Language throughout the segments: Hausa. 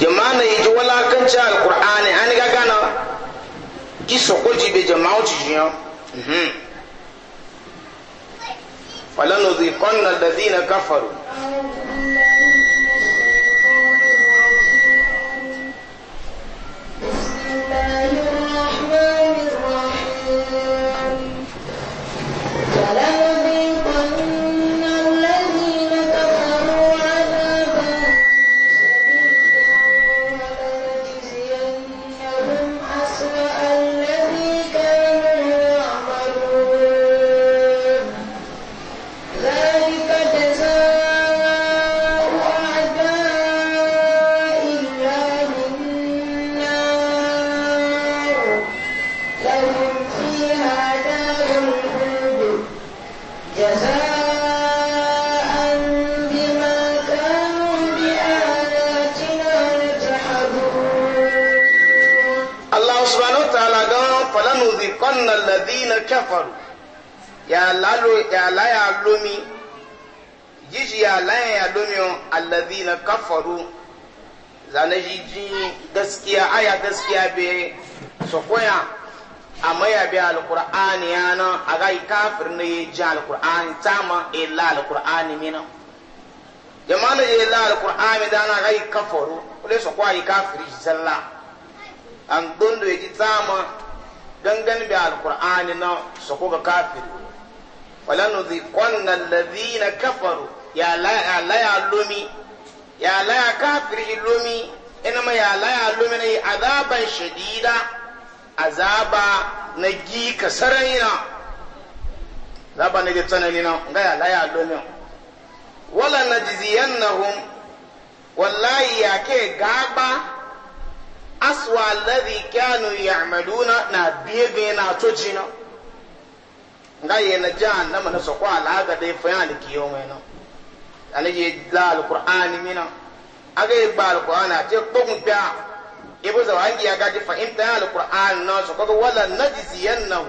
jama na yi ji walakanci alkur'ani an ga gana ki sako ji be jama wuce shi yau mhm. falanu na da zina kafaru yàlá yà lómi jíjì yàlá yà lómi o alabi na kafaru zane ji gaskiya aya gaskiya be sokoya amma ya bi alqur'ani yana aga kafir ne ji alqur'ani tama illa alqur'ani mina jama'an illa alqur'ani dana aga kafaru kule sokoya kafiri zalla an dondo ya ji tama gangan bi alqur'ani na sokoga kafiri falanuzikwanna alladhina kafaru ya la ya la ya ya la kafiri lumi ina ma ya la ya lumi ne azaban shadida azaba na gi kasarina zaba ne ga tsanani na ga ya la ya lumi wala wallahi ya ke gaba aswa alladhi kanu ya'maluna na biye ga yana tojina nga ye na jan na mana so kwa la ga dai fa ni kiyo mai no ani ye la alqur'ani mina aga ye ba alqur'ani ate ko kun ta ibu za wangi ya ga ji fa imta alqur'ani no so ko wala najziyannahu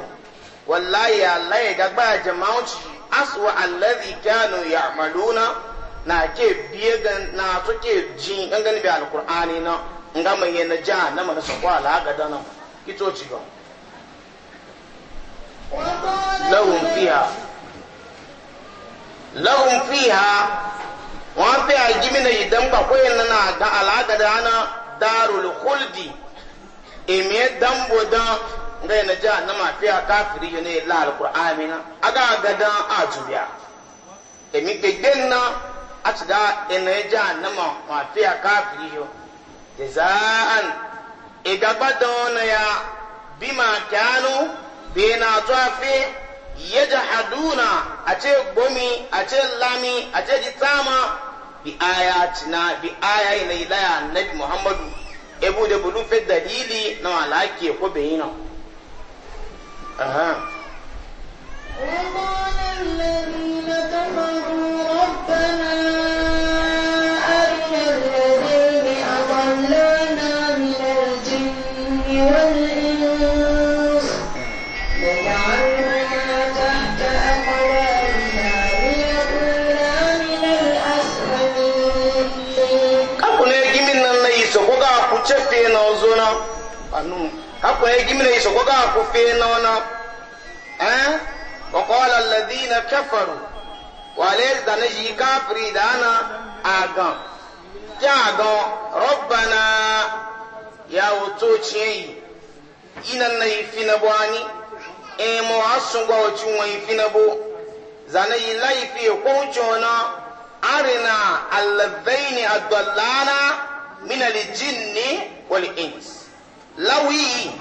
wallahi allah ya ga ba jama'uci aswa alladhi kanu ya'maluna na ke biye ga na to ke jin gangan bi alqur'ani na. nga mai ye na jan na mana so kwa la ga dana kito ci ga lahum fiha lahum fiha wọn fi agimi na idan bakwai na na da alaka da ana darul khuldi emi dan bodan nga yana ja na ma fiya kafiri yo ne la alqur'ani na aga gada ajubiya emi gbegben na ati da yana ja na ma ma fiya kafiri yo jazaan igagbadon na ya bima kanu bena to afe yajhaduna a ce gomi a ce lami a ce jitama bi ayatina bi ayayi na ilaya nabi muhammadu ebu da bulu fe dalili na alake ko bayina aha وقال الذين كفروا ربنا ce fe na ozo na anu haka ya gimi na iso ko k'a ku na ona eh wa qala alladhina kafaru wa da na ji kafiri ana aga ya aga rabbana ya wuto yi. Ina na fi na bwani e mo asun ci otu yi fi na bo zana yi laifi ko chona arina alladhaini adallana min aljinni wal ins lawi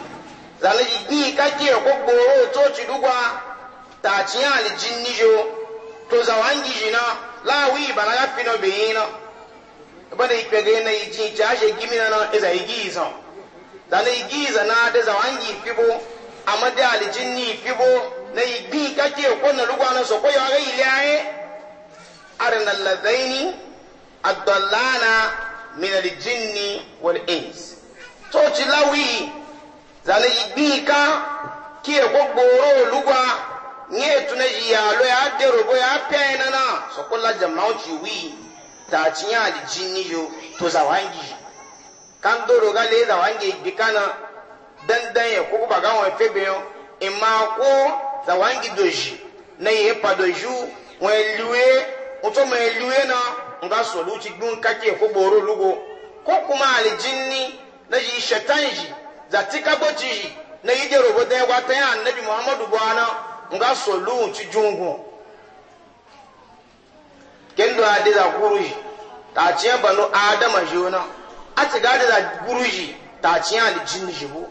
zane yi ka ke ko gboro to ci dugwa ta ci aljinni jo to zawangi jina lawi bana ya fino beyina bana ipege na iji ci ashe gimina na iza igi isa zane igi isa na da e zawangi fibo amma da aljinni fibo na igi ka ke ko na dugwa na ko ya ga ilaye arna min aljinni wal coci to ci lawi zale igbi ka ki e gbogboro lugba nye tuna ji ya lo ya de robo ya pe na na so ko la jama o ci wi ta ci ya aljinni to zawangi kan doro ga le zawangi igbi kana dandan ya ko ba ga ima ko zawangi doji na ye pa doju won eluwe o to mo eluwe na nga soluci gun kake ko boro lugo ko kuma aljinni na yi shaitan ji za tika boci na yi jero bo dai wata ya annabi muhammadu bwana nga soluci jungu kendo ade za guruji ta ciyan banu adama jona a ti gade za guruji ta ciyan aljinni jibo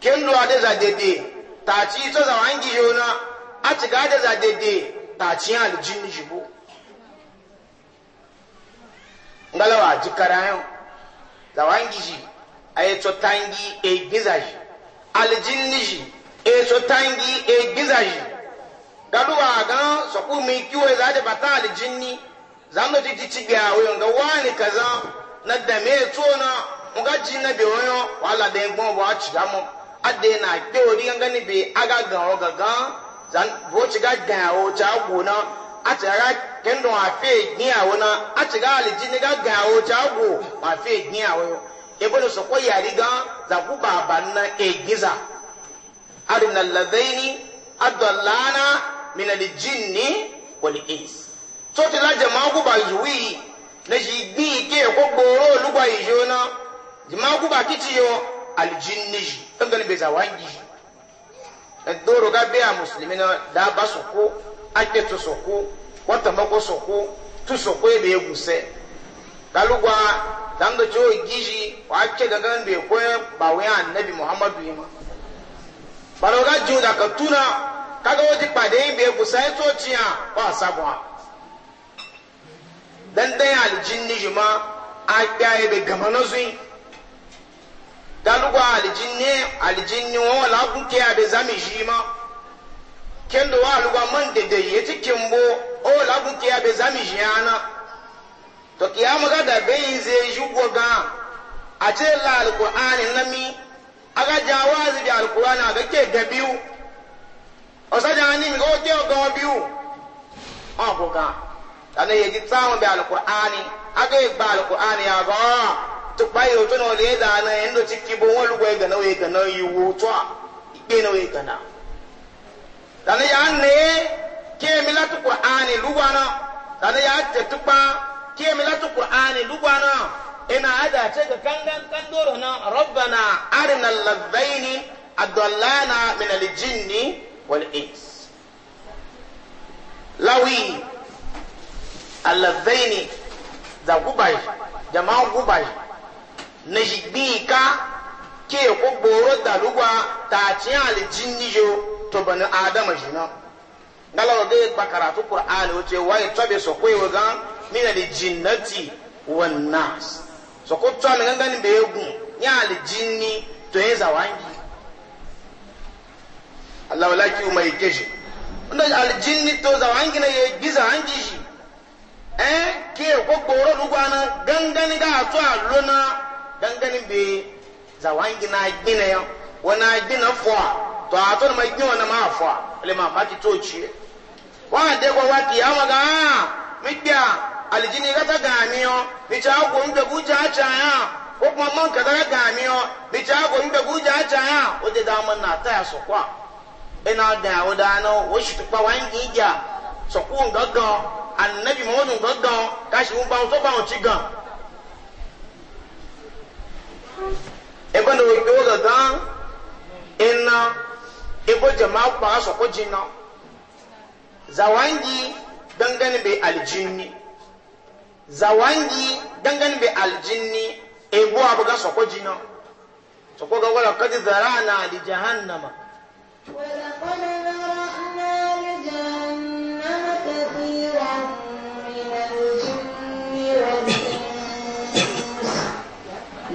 kendo ade za dede ta ci so za wangi jona a ti gade za dede ta ciyan aljinni jibo ngala wa jikarayo zawangi ji aye to tangi e gizaji aljinni ji e to tangi e gizaji gaduwa gan so ku mi kiwo za da bata aljinni zando ti ti ga we nga wani kaza na da me e to na nga ji na be woyo wala de ngbon bo achi gamo ade na pe ori ganga ni be aga gan o ga. zan boci ga gawo ta gona a ci ga kendo a fe giyawo na a ci ga alijini ga gawo ta go a fe giyawo so ebe da sokwa yari ga zaku baba na egiza arina ladaini adallana min alijini wal ins to ti la jama ku ba yuwi na shi gbi ke ko gboro lugba ijo na jama ku ba kiti yo alijini ji tangal be zawangi doro ga biya musulmi na da ba soko ake tu soko wata mako soko tu soko ebe egwu se kalugwa da ndo ci o gizi wa ce gangan bai koya ba wuya annabi muhammadu yi ma baro ga jiwo da ka tuna kaga waje pàdé yin bai egwu se to ci ya ba sabuwa dan dan aljinni jima a kya ebe gama na zuyi dalugo alijinne alijinni wo la gunke abe zami jima kendo wa alugo man de de yeti kimbo o la gunke abe zami jiana to kiyama ga da be ze jugo ga a ce la alqur'ani nami aga jawazi bi alqur'ani aga ke gabiu o sa jani mi go ke go biu o ko ga ana yeji tsawo bi alqur'ani aga igba alqur'ani aga tukpa yi otu na ọdị ịda ana ya ndochi kibo nwa olugbo ịga na oye gana iwu otu a ikpe na oye gana tani ya nne kemi lati qur'ani lugwana tani ya te tukpa kemi lati qur'ani lugwana ina ada ce ga kangan kandoro na rabbana arina labbaini adallana min aljinni wal ins lawi alabbaini da gubai jama'an gubai na jigbi ka ke ko boro dalugwa ta ci alijin yo to bani adama na jina ngala ga ba karatu qur'ani wace waye tabe so ko yo ga min alijinnati wan nas so ko to ne ngani be yegun ya alijinni to yeza wangi Allah wala ki umai keje wanda aljinni to za wangi na ye giza wangi shi eh ke ko boro lugwa na gangani ga to lona. dangane be zawangi na gbina ya wani gbina fọ a to a to ma gbin wani ma fọ a ma ba ki to ci wa de ko wa ya ma ga ah, mi gbia alijini ka ta ga mi yo mi cha ko mi bu cha cha ya ko kuma man ka ta ga mi yo mi cha ko mi bu cha cha ya o de da man na ta ya so kwa ina e da o da no o shi pa wangi ja so ku ga annabi mo ngaga ka shi mu ba so ba o ci ga. ebe na oge oge gan ina ibo jama'a ba su kuji na zawangi dangane bai aljinni zawangi dangane bai aljinni ebo abu ga su kuji na su kuga wala kaji zara na li jahannama ولقد ذرأنا لجهنم كثيرا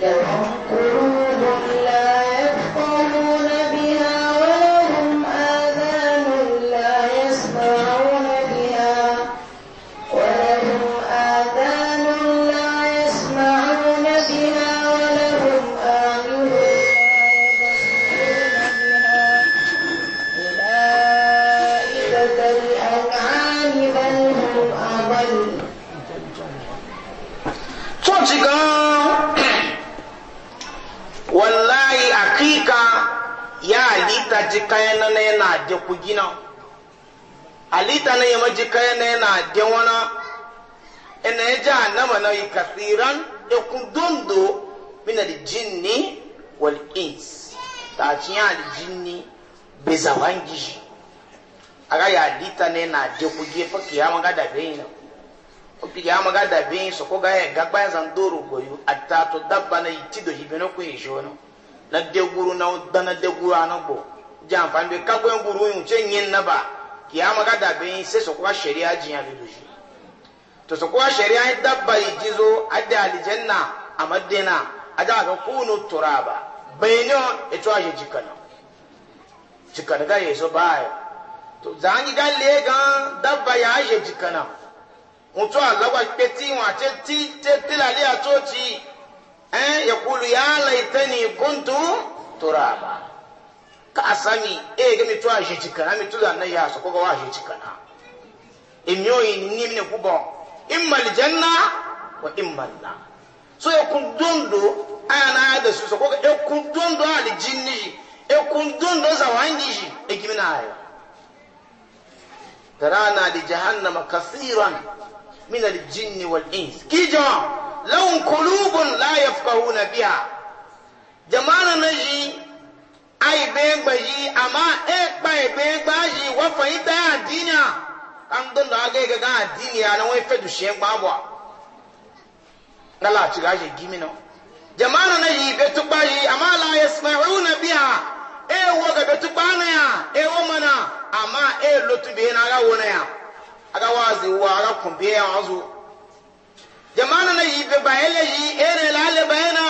や ji kaya na ne na de ku gina alita na yema ji kaya na na de wana ina ya ja nama na yi kasiran ya kun dondo min aljinni wal ins ta ci ya aljinni be zawangi aga ya alita ne na de ku gi fa kiyama ga da bayina o kiyama ga da bayin so ko ga ya ga ba zan doro goyu atta to dabba na yi tido hibino ku yi shono na deguru na dana deguru anagbo jamfani be kagwen guru yin ce yin na ba kiyama ga da be sai su kuwa shari'a jiya bi dushi to su kuwa shari'a yin dabba yi jizo adda aljanna a madina ada ga kunu turaba bayno ito e aje jikana jikana ga yeso baya to zangi ga le ga dabba ya aje jikana mutu alawa peti wa ce ti te tilali atoti eh yaqulu ya laitani kuntu turaba ka a sami e eh, ga mi a shi cikana mi tuza na ya su koga wa shi cikana in yoyi ni ne kubo in mal janna wa in mal na so e kun dondo ya da su so koga e kun dondo al jinni e kun dondo za wandi shi e kimina ayo na di jahannama kasiran min al jinni wal ins kijo lahum qulubun la yafqahuna biha jama'ana naji ai gba yi ama e kpa bai gba yi wa fahimta addini an don da ga ga addini ya na wai fedu shi en babwa ngala ci ga je gimino jama'an na yi be tuba yi amma la yasma'una biha e wo ga be tuba na ya e wo mana ama e tu be na ga na ya aga wazi wa aga kumbe ya wazu jama'an na yi be bayele yi e ne lale bayana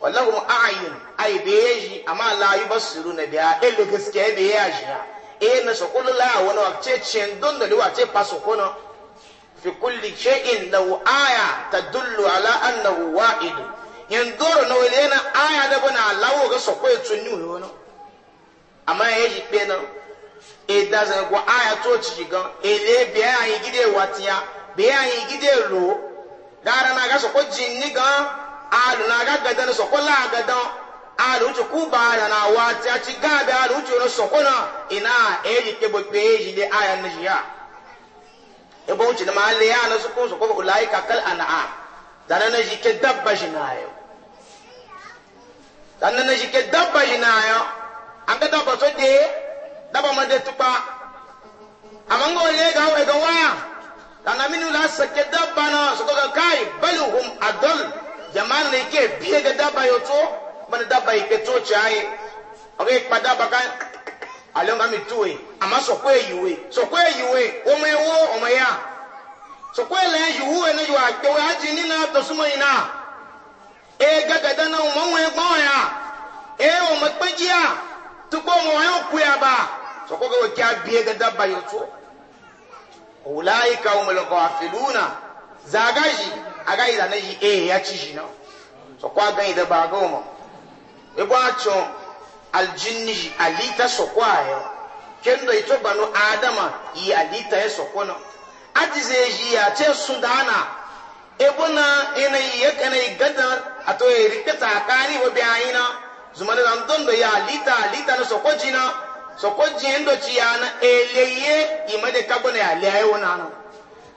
wallahum a'yun ai beye shi amma la eh, yi basiru eh, na biya ele gaskiya beye ya shi ya na na sokolo la wani wa ce cin don da liwa ce fa sokono fi kulli shay'in law aya tadullu ala annahu wa'id yan doro na wele na aya da bana lawo ga sokoye tunni wono amma ya ji pe na e da zan go aya to ci gan ele biya ayi gide watiya biya yi gide ro dara na ga sokoji ni gan alu na ga gadan sokola gadan a kubana na wati aci gabe alutu no sokona ina eji kebo peji de aya nijiya ebo uci da malle ya na su kun sokoko ulai ka kal an'a dan na ji ke dabba jinayo dan na ji dabba jinayo an ga dabba so de dabba ma de tupa amango le ga wa ga waya minu la sake dabba na sokoko kai baluhum adal jama'an ne ke biye ga dabba bani daba yi keto caa ye ɔkè ikpa daba ka ale ŋa mi tuwe ama sɔkò eyiwe sɔkò eyiwe ɔmò ewo ɔmò ya sɔkò elɛ yiwu ɛnɛ yiwa akpɛwɛ adi nina dɔsumɔ yina ee gagada na ɔmò ɔmò egbɔn ya ee ɔmò ekpɛdzia tukpɔ ɔmò wɔn yɛ kuya ba sɔkò kɛ wòtí abie gada ba yi tó wòláyi ka ɔmò lɛ kɔ afiluna zaagayi agayi la ne yi ee ya tsi yi na sɔkò agayi dɛ ba agawo mɔ. ebo acho aljinni alita sokwayo kendo ito banu adama yi alita ya sokono ajize yi ya ce sudana ebo na ina yi ya kana yi gada ato ya rike tsakani wa bayina zuma da don do ya alita alita na sokojina sokojin ndo ci ya na eleye imade kabona ya leye wona no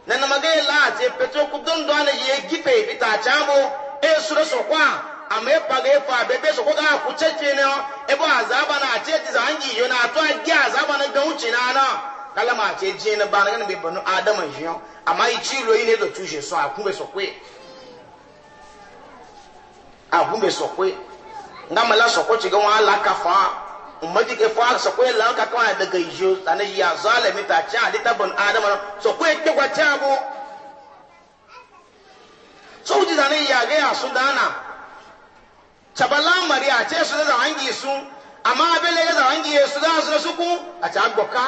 na na magaya la ce peto ku don do ana yi gipe bita chambo e sura sokwa ama ịkpaga ịkwa abịa ebe sokwa ga akwụ chechi na ebe azaba na achị echiza anyị iyo na atụ agị azaba na ga uche na ana kala ma achị eji na bana gana bebe adam iyo ama ichi ilo ile do tuje so akwụbe sokwe akwụbe sokwe nga mala sokwe chiga wa ala kafa fa mmadi ke fa sokwe la ka ka daga iyo tana ya zale mita cha dita bon adam sokwe ke kwa cha bo so uji tana ya ga ya sudana cabala mari a ce su da hangi su amma abele ya da hangi su da su su ku a ta gboka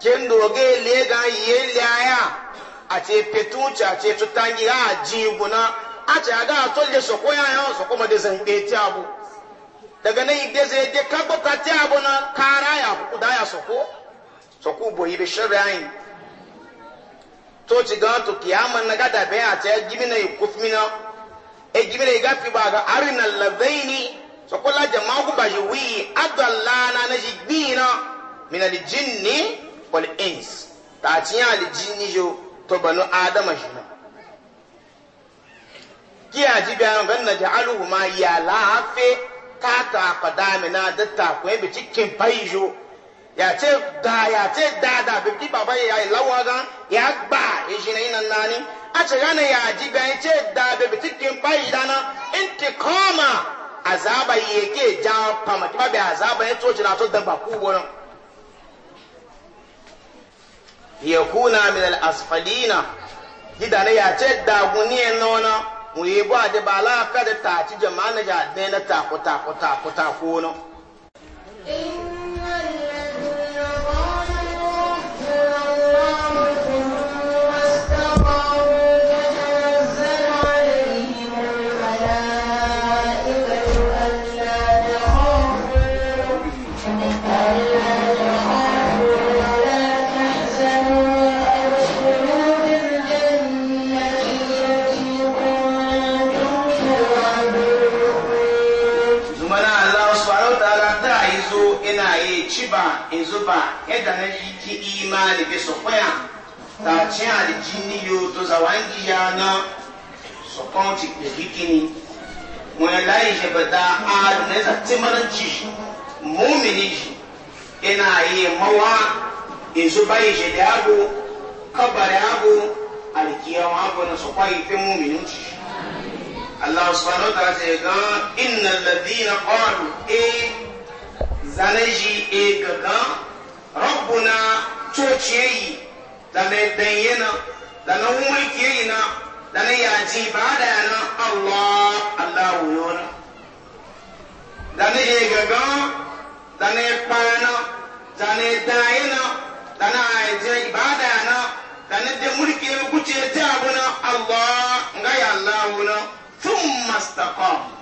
ken doge le ga ye le a ce petucha ce tutangi a ji guna a ce aga to le so ko ya yo so ko ma de zan ke ti abu daga ne ide ze de ka gboka ti abu na kara ya ku da ya so ko so ku bo ibe shirayin to ci ga to kiyama na ga da be a ce gibina ikufmina ejibere ga fi ba ga arina ladaini so kula jama ku ba wi adallana na jibina min al jinni wal ins ta tiya al jinni jo to banu adama shi ki ji an gan na ja'aluhu ma ya lafe ta ta qadamina datta ko be cikin faijo ya ce da ya ce da da bi baba ya lawa ga ya gba e shi ne nani ace gane ya ji bayan ce da bebe cikin bayi dana intikoma azaba yake ja fama kiba bai azaba ya coci na to da ba ku gona ya kuna min al asfalina gidane ya ce da guniye nona mu yi ba da bala kada ta ci jama'a na ta ku ta ku ta ku no echiba ezoba edana yiki imani besokoya ta chiali jini yo toza wangi yana sokonti da mwelai jebada aru neza timaranchi mumini ina yi mawa ezoba yejede abu kabare abu alikiyawa abu na sokwa ife mumini uchi Allah subhanahu wa ta'ala says, إن الذين قالوا إيه zane shi e gagan rabbuna cociye yi da na danye na da na mulki yi na da na yaji ba da yana allah allah wuyo na da na e gagan da na kpana da na danye na da na aje ibada yana da na da mulki ya kuce ta abu na allah nga ya allah na tun mastaqam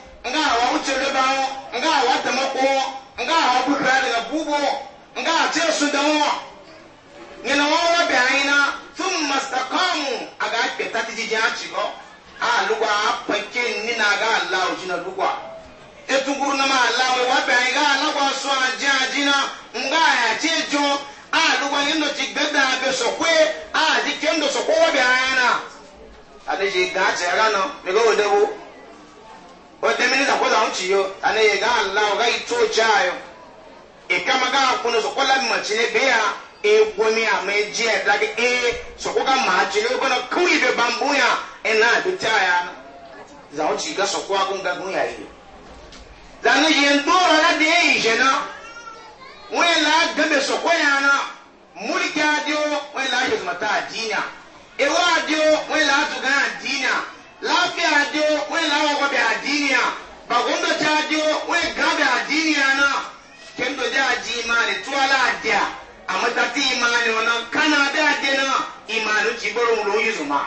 nga awa wuce loba wo nga awa tamako wo nga awa kutura bubo nga a ce su da wo nyina wo wa bɛ anyi na tun mastakamu a ga kpe tati a ci a lugwa a pake ni na aga ala o jina lugwa na ma ala wa bɛ anyi ga ala gwa so a jin a na nga a a lugwa ni ti gbɛ a di wa na wadda minista ko zan ci yo ana ye gan la ga ito chayo e kama ga kuno so kola ma ci ne beya e gomi a me ji e da e so ko ga ma ci ne ko na kuyi be bambuya e na bi chaya zan ci ga so ko agun ga gun yi zan ni yen dora na de yi jena wai la ga so ko ya na mulki adio wai la yuzmata adina e wa adio wai la tu ga adina lafiya dio we lawa ko be adiniya ba gondo cha dio we gabe adiniya na kendo ja ji mani tuala adia amata ti imani ona kana da imanu ci boro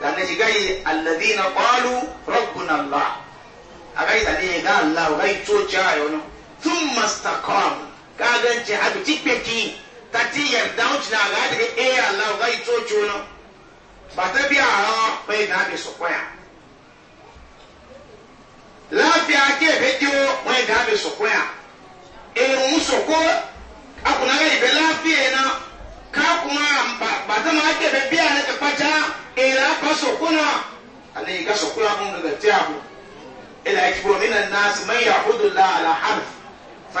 dan ji gai qalu rabbuna allah agai da ne ga allah gai to cha yo thumma istaqamu ka ganci hadu ci peki yarda na ga da eh allah gai to cho no bàtà bí àárọ̀ bẹ́ẹ̀ náà mi sọ̀kọ́ yà láàfin ajé ìbẹ́jọ́ wọ́n yẹ náà mi sọ̀kọ́ yà èèwù sọ̀kọ́ akùnàgà ìbẹ́ láàfin yẹn náà káàkùnà bàtà máa jẹ́ bẹ́ẹ̀ bí àárẹ̀ kẹpàtà èèlà bá sọ̀kọ́ náà àlẹ́ yìí ká sọ̀kọ́ yà fún gàgà tí a bọ̀ ilà ìkúrò mí nà nàásì mẹ́yà àkúdùlá àlà hàlù fà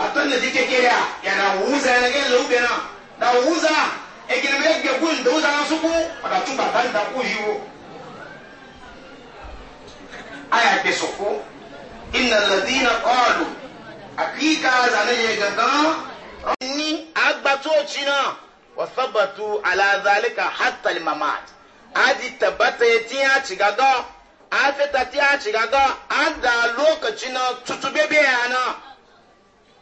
baton da jike kiriya yana wuza yana gele ube na da wuza egele be egbe kun da wuza na suku pada tu batan da ku yiwo aya ke soko inna alladhina qalu akika zane ye gaga ni agbato china wa sabatu ala zalika hatta al-mamat aji tabata yatiya cigaga afeta tiya cigaga an da lokacin tutubebe yana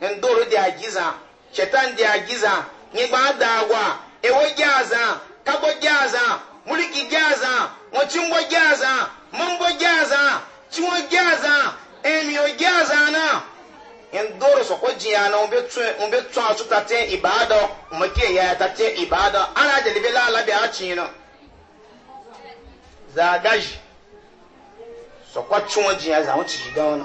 ndoro dị agiza shetan dị agiza nyegba da agwa ewe gị aza kagbo gị aza muliki gị aza nwọchimgbo gị aza mamgbo gị aza chinwo gị aza emio gị aza na ndoro sokwa ji ya na mbe tụ atụ tate ibada mmeke ya tate ibada ana adelibela alabi achi na zagaji sokwa chinwo ji ya za nwụchi ji gawa na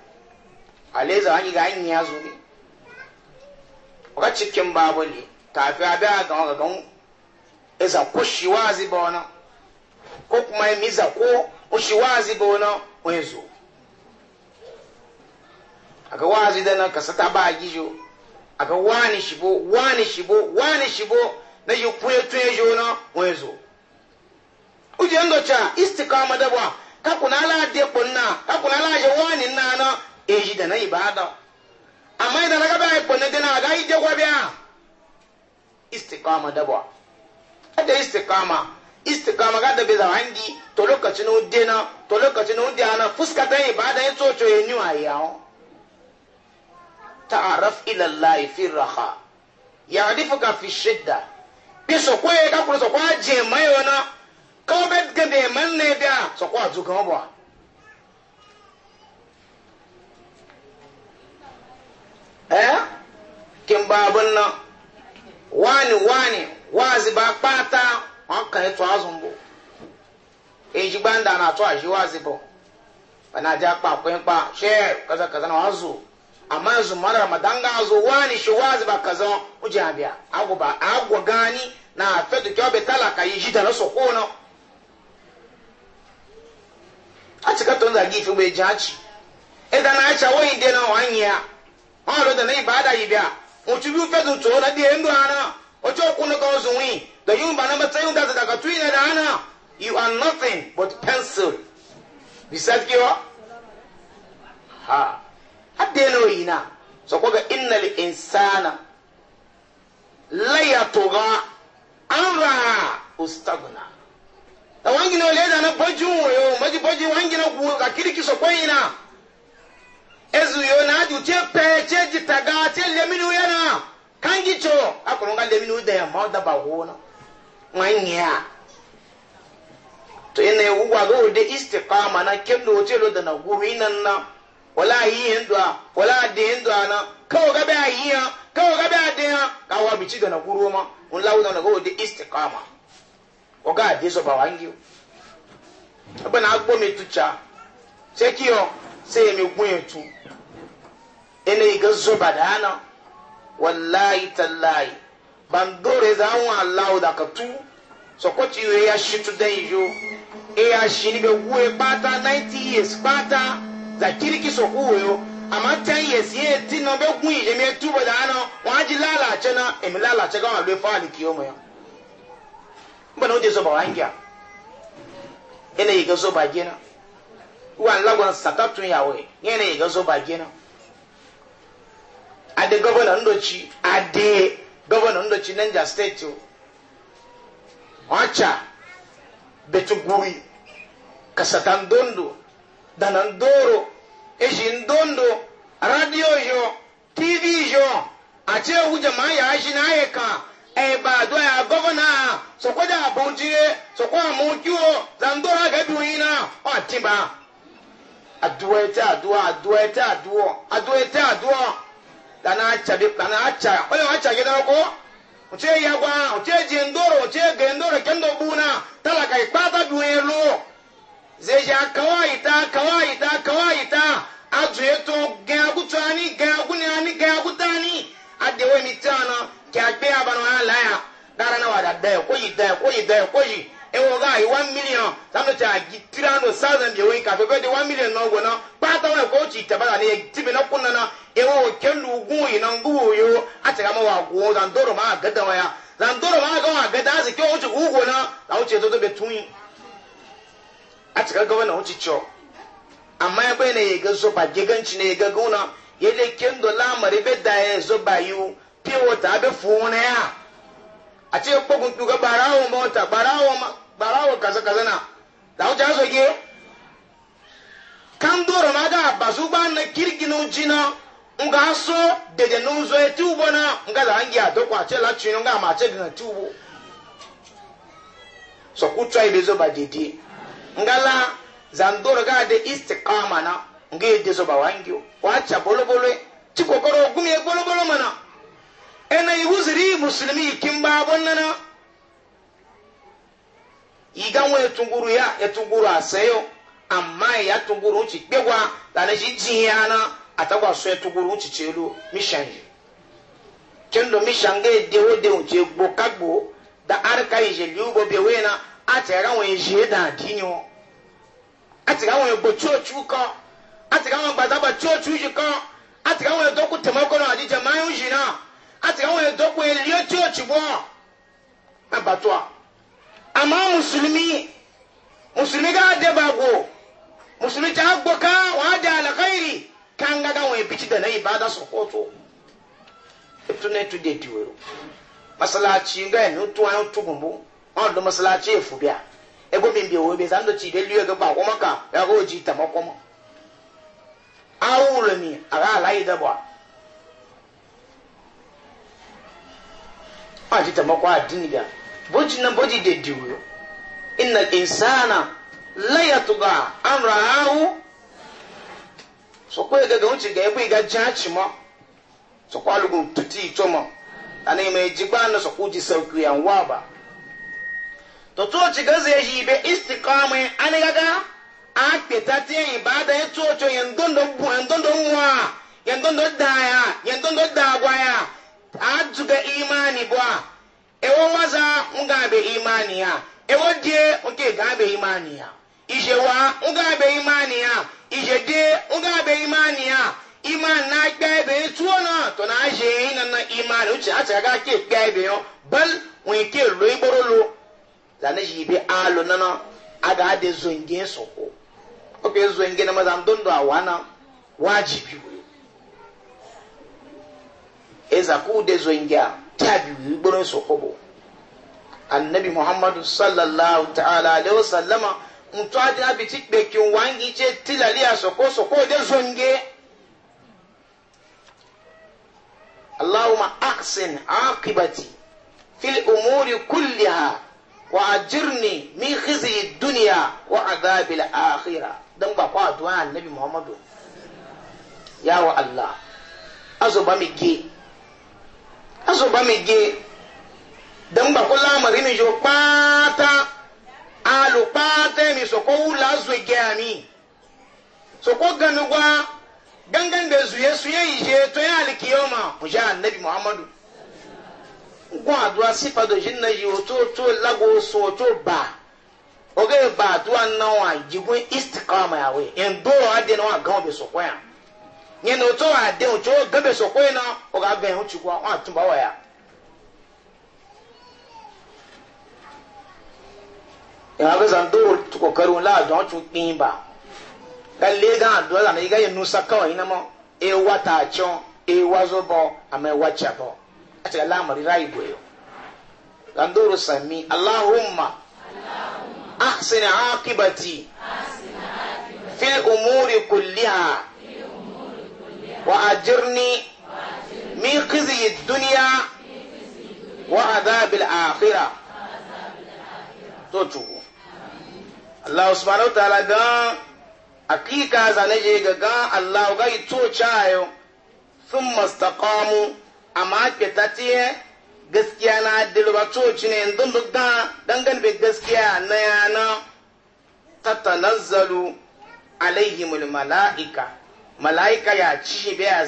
aleza wangi ga anyi ya zuri oga cikin babu ne tafi abi a ga ga gan eza ko shiwazi ba wana ko kuma yi miza ko o shiwazi ba wana wani zo A aga wazi da na kasata ba gijo aga wani shibo wani shibo wani shibo na yi kuye tuye jona wani zo uje ngocha istikama dabwa kakuna ala adekpo nna kakuna ala aje wani nna na eji da na ibada amma idan na gaba ya kwanne dana a gaji je gwabe a istiqama dabwa da istiqama istiqama ga da beza hangi to lokacin udena to lokacin udena fuska ta ibada ya tsoto ya ni wayo ta'araf ila Allah fi raha ya'rifuka fi shidda biso ko ya ka kulo so kwa je mayona kawo bet gade man ne so kwa zuka mabwa eh kin babun nan wani wani wazi ba pata wọn kàn ètò azùn bò èyí gbáǹda náà tó àṣì wazi bò bànájà pa pínpa ṣe kazakaza náà wọn zò amma yanzu mara ramadan ga zo wani shi wazi ba kaza uje abiya agwo ba agwo gani na fedu kyobe talaka yi shi da na sokono a cika tun zagi fi bai jaci idan e na ya ca wani dena wani ya wọn lọ dana ibada yi bia ŋutsu bi fɛ tu tso na di enu ana o tso kunu ka o Da yi young man number ten da da ka tu na da ana you are nothing but pencil research ki wa ha a na. o yina so ko ga innal insana la yatuga an ra ustagna da wangina o le da na boju o yo maji boji wangina ku ka kiriki so ko yina ezuyo na ajụ che pe che jitaga che leminu ya na kangi cho akuru nga leminu da ya mauda ba to ina ya wugwa ga wude istiqama na kendo ote lo da na gwuru na wala yi a wala de hindu a na ka ka ha ka wa bici da na guru ma na ga etu ene ga zuba da hana wallahi tallahi ban dore za mu Allah da ka tu so ko ci ya shi tu den yo e ya shi ni be wo bata 90 years pata za kiriki so ko yo amma 10 years ye ti no be gun ile me tu ba da hana wa ji lalace na e mi lalace ga wa be fa ni ki o mo yo bana uje so ba wangia ene ga so gina wa lagwan sakatun yawe ene ga so gina ade gọvanọ ndochi ade gọvanọ ndochi niger steeti ọcha oh. betuguri kasata ndondo dana ndoro eji ndondo radio yo tv yo ace wuja ma ya aji na ayi ka eba ado ya gọvanọ a sokwa da abunjire sokwa o za ndoro aga duyi na ọtiba aduwa ete aduwa aduwa ete aduwa aduwa ete aduwa dana acha bi dana acha oyo acha gidan ko uce ya gwa uce je ndoro uce ga ndoro kendo buna tala kai pata duwe lo ze ja kawaita kawaita kawaita azu eto ga agutu ani ga aguni ani ga agutani adewe mi tana kya gbe abano ala ya dara na wada de ko yi de ko yi de ko yi ewo ga yi 1 million tanu ta gi 300000 de we ka fe de 1 million no go no pata we ko chi tabara ni tibi na kunana na ewo kelu gun ina nguwo yo ati kama wa go dan doro ma gada wa ya dan doro ma ga wa gada zi ke oju gugo na la oje to to be tun ati ka governor oji cho amma ya bai na ye ga so ba geganci ne ga gona ye le kendo la mari be da ye zo ba yu pi wota be fu na ya ati gbogun tu ga barawo mo ta barawo ma barawo kaza kaza na la oje azo ye kan doro ma ga basu ba na kirginu jina nga aso dede n'ụzọ eti ugbo na nga da ngi adokwa chela chiri nga ma ache gina ti ugbo so kutwa ile zoba dede ngala zandoro ga de istiqama na nga ede zoba wangi wa cha bolobolo ti kokoro gumi e bolobolo mana ena i ihuziri muslimi kimba bonnana iganwe etunguru ya etunguru aseyo amma ya tunguru chi gbegwa dana shi jiya na atagwa so etuguru chichelu mishanji kendo mishange dewo de unje gbokagbo da arka ije liugo bewena atera wen je da dinyo atera wen gbo chochu ko atera wen gbadaba chochu ji ko atera wen doku temoko na ajije mayu ji na atera wen doku elio chochu bo abatwa ama muslimi muslimi ga de bago muslimi ta gboka wa da alkhairi kanga ga wani fici na ibada su koto ito diwero masalaci ga nutu wani tugun bu wọn masalaci efu biya ego min biya wo de liyo ga ba ka ya oji ta awuro mi a alayi da ba wọn ji ta makoma addini biya na diwero sokwe ga ga ga ebe ga jachi mo sokwa lugu tuti cho mo ana ime jigba na sokwu ji sauku ya nwa ba to to chi ga zai yi be istiqama ana ga ga a peta ti yin ba da to cho yin dondo bu yin dondo nwa yin dondo da ya yin dondo da gwa ya a juga imani bwa ewo waza ga be imani ya ewo die oke ga be imani ya ije wa nga be imani ya ije de nga be imani ya iman na akpa be tuo na to na je na na iman uche acha aga ke gbe be yo bal we ke lo iboro lo la na ji na na aga de zonge so ko o zonge na mazam dondo awana wajibi we eza ku de zonge a tabi iboro so ko annabi muhammadu sallallahu ta'ala alaihi wasallama ntɔ adi abiti kpekin wangi tse tilali asoko soko de zonge allahumma aksin akibati fil umuri kulliha wa ajirni min xizi dunya wa adhabi al akhirah dan ba kwa duwa annabi muhammadu ya wa allah azo ba mi ge azo ba mi ge dan ba ko lamari mi jo pata alukpata mi soko wula ami soko ganugwa gangan zuye suye ije to ya alikiyoma ma ja muhammadu gun adura sifa do yi otu otu lago so oto ba oge ba adura na wa jigun istikama na be ya nye na oto ade oto gan be na ya ga zan doro kokarin la don tun kin ba kalle ga do la ne ga yin nusa kawai na mo e wata cho e wazo bo ama wacha bo ati la mari rai go yo zan doro sami allahumma ahsin aqibati fi umuri kulliha wa ajirni min khizyi ad-dunya wa adhab al-akhirah to tu Allah subhanahu wa ta'ala ga hakika zane je ga Allah ga ito cayo sun istaqamu amma ke tatiye gaskiya na dilba coci ne yanzu duk da dangan be gaskiya na yana tatanazzalu alaihimul mala'ika mala'ika ya ci be ya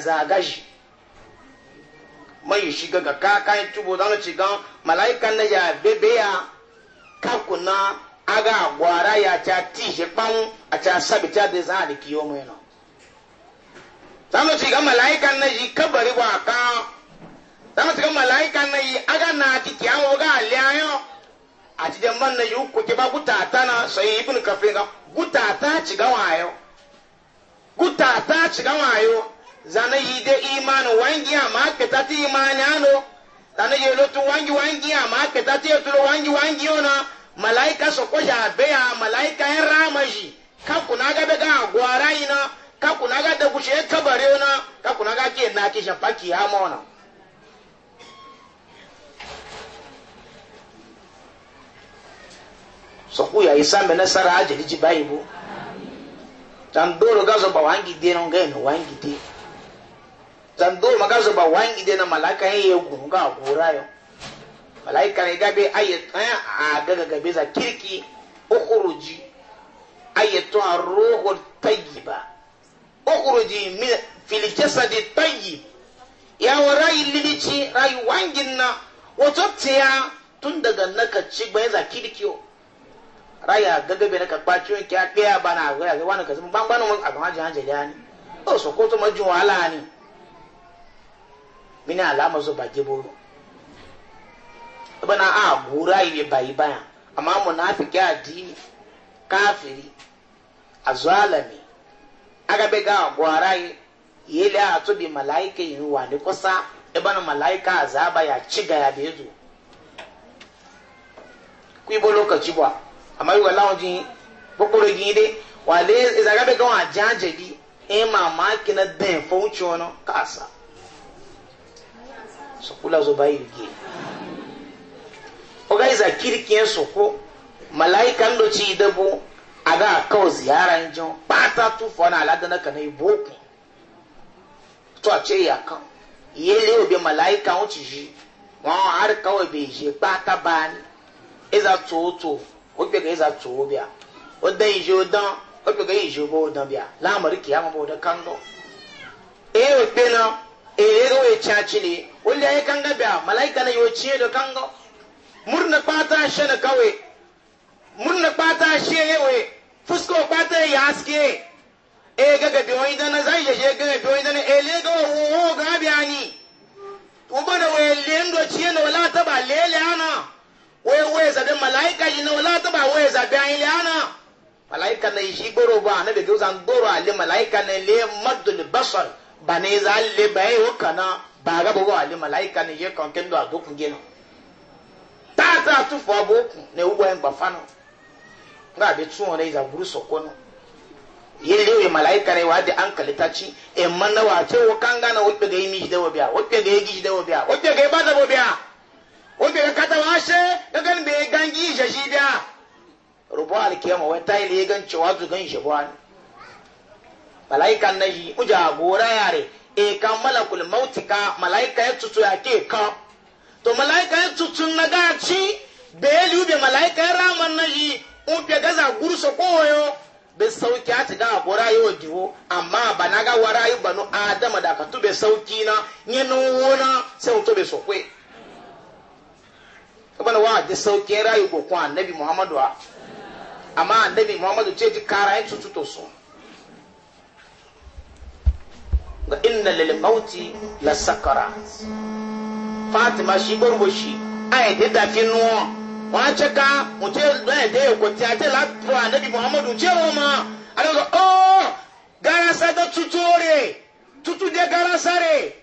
mai shiga ga kakan tubo don ci ga mala'ika na ya bebe ya kakuna aga gwara ya cha tishi kpanwu a cha sabi cha da za da kiyo mai no zamu ti ga malaika na yi kabari wa ka zamu ti ga malaika na yi aga na ti ti an oga ali ayo a ti man na yi ku ti ba ta na sai ibn kafin ga ta ci ga wayo ta ci ga wayo zana yi de imanu wangi ama ketati imani ano zana yi lotu wangi wangi ama ketati yotulo wangi wangi ona malaika soko ya beya malaika yan ramaji ka kuna ga daga gwara ina ka kuna ga da kushe kabare na ka kuna ga ke na ke shafa kiyama ona soko ya isa me nasara ajali ji bayi bo tandoro gazo ba wangi de no ga no wangi de tandoro magazo ba wangi de na malaika ye gunga gwara yo malaika ne gabe ayyata a gaga gabe za kirki ukhruji ayyatu ar-ruhu tayyiba ukhruji min fil jasadi tayyib ya warai lilici rai wangin na wato tiya tun daga naka ci gbe za kirki raya gaga be naka kwaci ki akiya bana ga ga wani kasu ban bana a ga jan jeliya ni o so ko to majin wala ni mina alama zo ba boro bana a gura yi bai baya amma munafiki addini kafiri azalami aga e, be ga gwara yi yele a to bi malaika yi wa ne kusa ibana malaika azaba ya ciga ya bezu ku ibo lokaci ba amma yi wala jin bokoro yi de wale izaga be ga wa jajabi e mamaki na den fo wuce wani kasa sukula zo bayi gini oga iza kirkin soko malaikan do ci dabo ga kawo ziyaran jin bata tufa na aladana kana iboku to a ce ya kan yele obi malaika wuce shi wọn har kawai bai je bata ba ni iza e toto o pe ka iza e to biya o dan ije o dan o pe ka ije o dan biya lamari kiyama bo da kando e o pe na e, e ga we chachi ne wanda ya kanga biya malaika na yo ciye da kando murna kpata shana kawai murna kpata shi yawe fusko kpata ya haske e gaga biyoyi zai gaga biyoyi ga ga uba da waye lendo na wala ta ba lele ana waye waye zabe malaika yi na wala ta ba waye zabe an ile ana malaika na goro ba na bege uzan goro ale malaika na le madul basar ba ne za le ba yi e wakana ba ale malaika ne je kankan kendo a dukun gina ata atufo abo oku na ewuwa mgbafa no nga abe tu wɔn na yiza guru sɔkɔ no yele ewe malaika na wa de ankali tachi emma na wa ce wo kanga na wote ga imi jide wo bia wote ga egi jide wo bia wote ga ibada wo bia wote ga kata wa she ga gan be gangi je shi bia rubo alkiyama wa tai le gan cewa zu gan shi bwani malaika na yi uja gora yare e kan malakul mautika malaika ya tutu ya ke kan to malaika ya tutun na gaci beli ube malaika ya raman na yi ube gaza gurso kowayo be sauki a ti gawa bora yi diwo amma ba na ga wara yi banu adama da ka tube sauki na nye na wona sai to be sokwe kabana wa de sauki rayu ko kwa annabi muhammadu a amma annabi muhammadu ce ji kara yin tutu to so ga inna lil mauti la sakarat fatima shi gbogbo shi ayi de dafi nuwa wọn cɛ ka mu te lɔɛ de ekoti ate la po anabi muhammadu cɛ wɔn ma ale ko oh, ɔɔ garasa dɔ tutu ore tutu de garasa re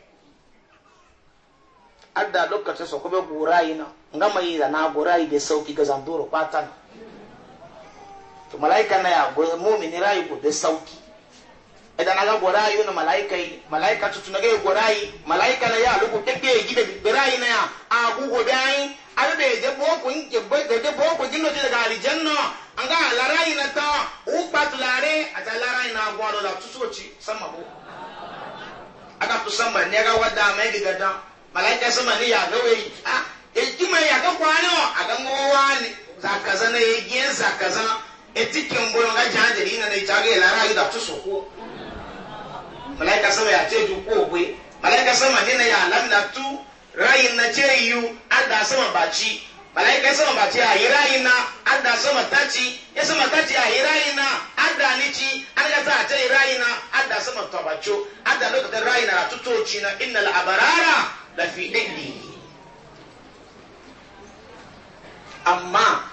ada lokacin sa kuma gora yi na nga mai da na gora yi da sauki ga zandoro kwata na to malaika na ya mu'mini rayu ko da sauki idan aga gorayi wani malaika yi malaika tutu naga gorayi malaika na ya lugu kebe ya gida gorayi na ya agugo bayi ala da je boku in ke bai da je boku jinno ti daga aljanna an ga larayi na ta u patulare ata larayi na gwado da ci sama bo aga tu sama ne ga wada mai diga da malaika sama ne ya ga wai a e jima ya ga kwano aga ngowa ne zakazana ye gien zakazana etikin bolonga janjeri na ne tage larayi da tusu tusoku malaika sama ya ce ju ko gwe malaika sama ne na ya lamna tu rayin na ce yu adda sama baci malaika sama baci a yi rayin na adda sama taci ya sama taci a yi rayin na adda ni ci an ga ta ce rayin na adda sama tabacho adda lokacin rayin na tutoci na la abarara la fi dilli amma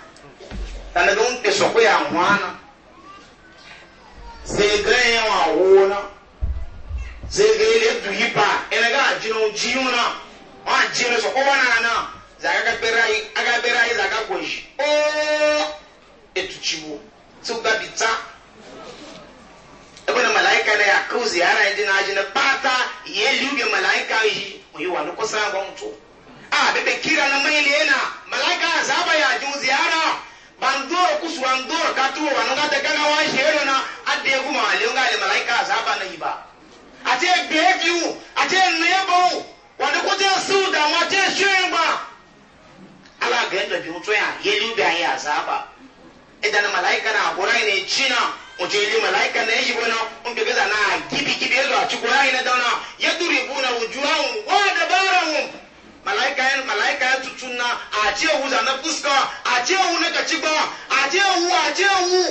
talaga un te sokoya wana sai ganyen wa wona zegele du yipa ene ga jino jiuna wa jino so ko bana na za ga berai aga berai zaga goji o oh! etu chibu so ga bita ebe na malaika na ya ku ziyara ndi na ajina pata ye liuge malaika yi mu yi wani kusa ga mutu a ah, bebe kira na mai lena malaika ba ya ju ziyara bandoro kusu bandoro katuwa wanga daga na wa shero na adde kuma le nga le malaika ba na yi ba. àti ẹgbẹ́ ẹ̀fíwù àti ẹ̀nìyẹ́bọ̀wù wàdíkùtẹ́ ṣùdà wọn àti ẹ̀ṣọ́yìnbà. alága ẹ̀dọ̀ bí wọ́n yà yé lúbi na àzáàbà ẹ̀dá ni màláìka náà àbúrò ayé náà ẹ̀kí náà òtò ìlú màláìka náà ẹ̀yìn bọ́nà ń pè kẹ́sà náà gidigidi ẹ̀dọ̀ àtúkọ̀ ayé náà dáná yẹ́dúrì bú náà ojú àwọn wọ́n àdàbára wọn malaika yan malaika yan tutun na a ce wu na fuska a ce wu na kaci ba a ce wu a wu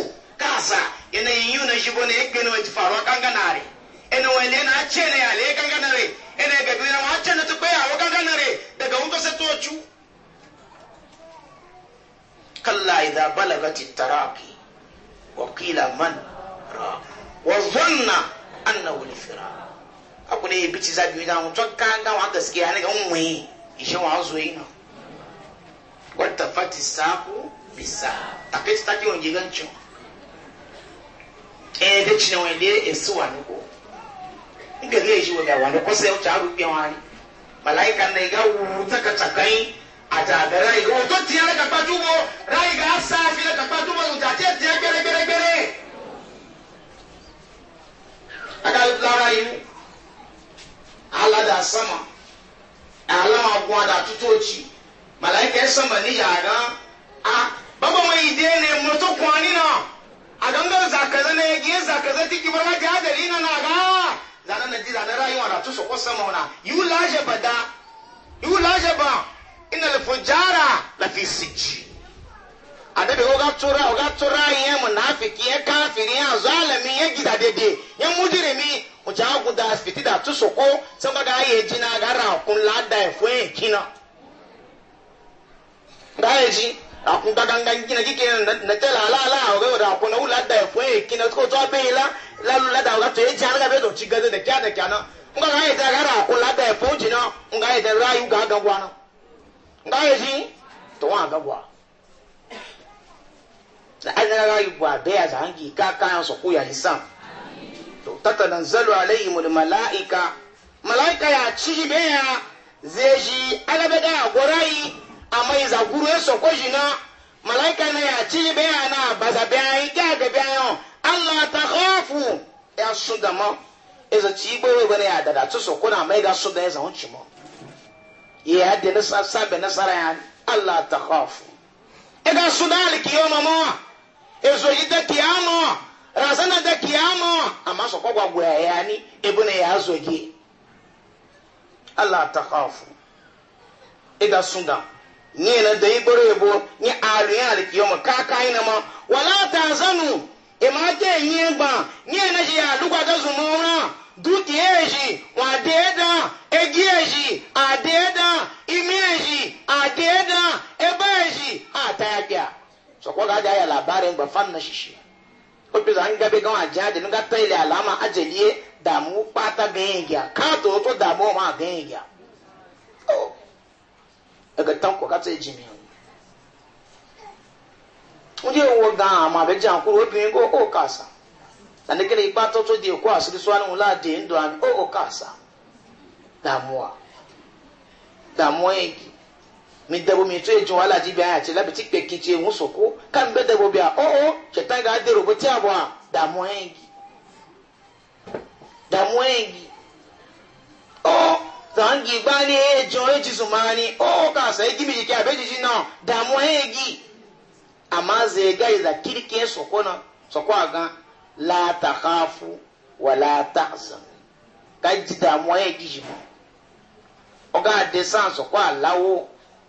kasa yanayin yi na shi bane ya na wata faruwa kan ce ne ya le ganga re ga dina wa ce na tu pe awo ganga daga un ga sa to chu kalla idza balagati wa qila man ra wa dhanna annahu al-firar aku ne bici za biyu dan to ga wa ne ga ishe wa zo wata fati saku bisa taketi taki ongigancho ede chine wende esuwa nuko ngege ji wa wani ko sai ta rubi wani malaika ne ga wuta ka takai a ta da rai ga to tiya ka patubo rai ga safi ka patubo ta ce tiya bere bere bere aka lara yi ala da sama ala ma gwa da tutoci malaika ya sama ni yara a baba mai ide ne mutu kwani na a gangar zakaza ne ya giye zakaza tiki bar haka hadari na na ga zana na ji zana rayuwa da tu soko sama na yu laje bada yu laje ba ina le fujara la fi siji adabe oga tura oga tura yin munafiki ya kafiri ya zalimi ya gida dede ya mujirimi oja guda fiti da tu soko sama ga eji na ga ra kun lada e fun kina ga ye ji akun gaganga kina kike na tela ala ala o ga da akuna ula da fue kina ko to be la la la da ga to e jan ga be do chiga de kya de kya na nga ga ita ga ra akula da fue ji na nga ita ra yu ga ga gwa na nga e ji to wa ga gwa la ala ga yu gwa be ya zan gi ka ka so ko ya lisan to tatanzalu alaihimul malaika malaika ya ci be ya zai ji alabada gorai amma iza guru eso ko jina malaika na ya ci be ana baza be ayi ga ga be ayo allah ta khafu ya sunda mo iza ci gbe we bane ya dada to so ko na mai ga sunda iza on ci mo ya de na sa sa be na sara ya allah ta khafu e ga sunda al kiyama mo ezo yi da kiyama razana da kiyama amma so ko gwa ya ni ebune ya zo gi allah ta khafu ida sunda ni na da yi bore bo ni alu ya da kiyoma ka kai na ma wala ta zanu e ma ke yi gba ni na ji ya lugwa da zumo na duki eji wa deda egi eji adeda imi eji adeda ebe eji ataya so ko ga da ya labarin gba fan na shishi ko bi zan ga be ga aja de nga tayle alama ajeliye damu pata gengya ka to to damu ma ega tan ko ka tsaye jimi ndi wo gan ma be jan ko obin ko o kasa na ne kele ipa to to di ko asiri so anu la de ndo an o o kasa damuwa damuwa egi mi dabo mi to ejun wala ji bi aya ti labi ti pe kije won soko kan be dabo bi a o o shetan ga de robo ti abo a damuwa egi damuwa egi o zangi gbani ejo eji sumani o ka sai e, gibi jike abeji ji na damu egi amma zai gai da kirke soko na soko aga la ta khafu wa la tahzan ka ji damu egi ji o ga de san soko alawo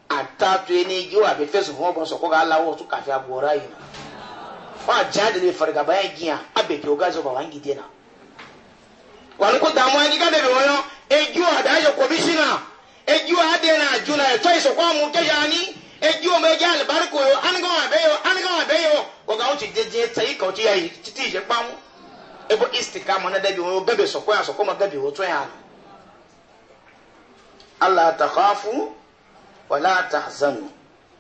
atatu eni egi wa be fesu fun obo soko ga alawo tu ka fi abora yi na wa jade ni fargaba egi a abeke o ga zo ba wangi dena damu kwalukuta amwanyi gadebe oyo ejjuwa dayo komishina ejjuwa ade na ajuna etoiso kwa muke yani ejjuwa meje alibariko yo aniga wabeyo aniga wabeyo oga uchi jeje tayika uchi yayi titije pamu ebo istika mona dabi oyo gabe sokwa ya sokoma gabe oto ya Allah takhafu wala tahzanu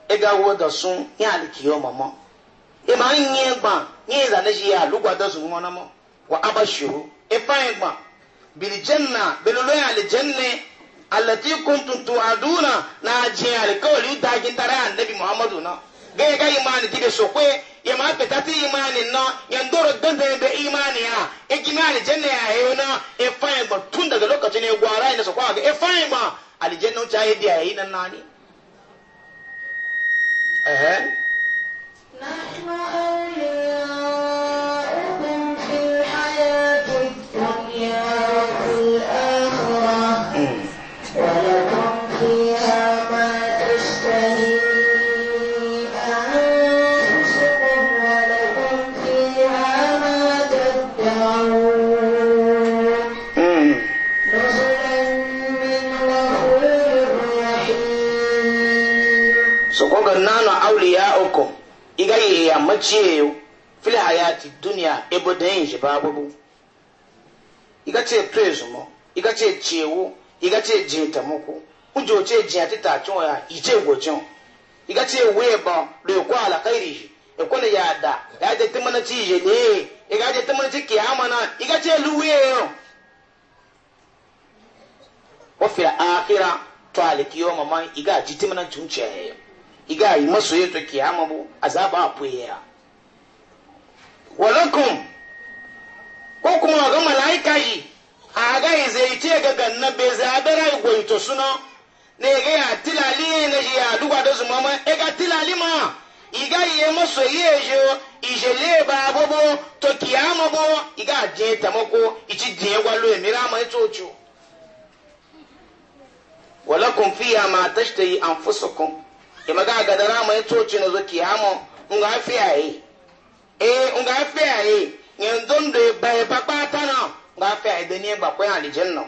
ega wo da sun ya alikiyo mama e ma yin egba yin za ne ji ya lugwa da sun mona mo wa abashiru e pa egba biljanna beloloyin aljanna allati kuntum tu'aduna na jin alkawari daji gin tare annabi muhammadu na ga ga imani ti be sokwe ya ma pe imani na ya ndoro ganda da imani ya e gina aljanna ya he na e fayin ba tun daga lokacin ya gwara ina sokwa ga e fayin ba aljanna ta yi da yi nan nani na nahnu awliya jiyeyo fili hayati duniya ebo da yin shi babu iga ce prezu mo iga ce cewo iga ce jeta muku unje oce jiya ti ta cin ya ice iga ce weye ba da kwa alakairi shi ya kwa ya da ya ti mana ci ne iga ti na ci kiyama na iga ce luwe yo akira iga iga kiyama bu azaba apuye ya walakum ko kuma ga malaika yi a ga zai ce ga ganna be zai adara goyito suna na ga ya tilali na ji ya duba da zuma ma e ga tilali ma i ga yi ma so yi e jo i je le ba bobo to kiyama bo i ga je tamako i ci je gwalo e mira ma itocho walakum fiya ma tashtayi anfusukum e ma ga dara ma itocho na zo kiyama nga fiya yi eh nga fe aye nyen don do ba e papa ta na nga fe aye de ni gba ko alijanna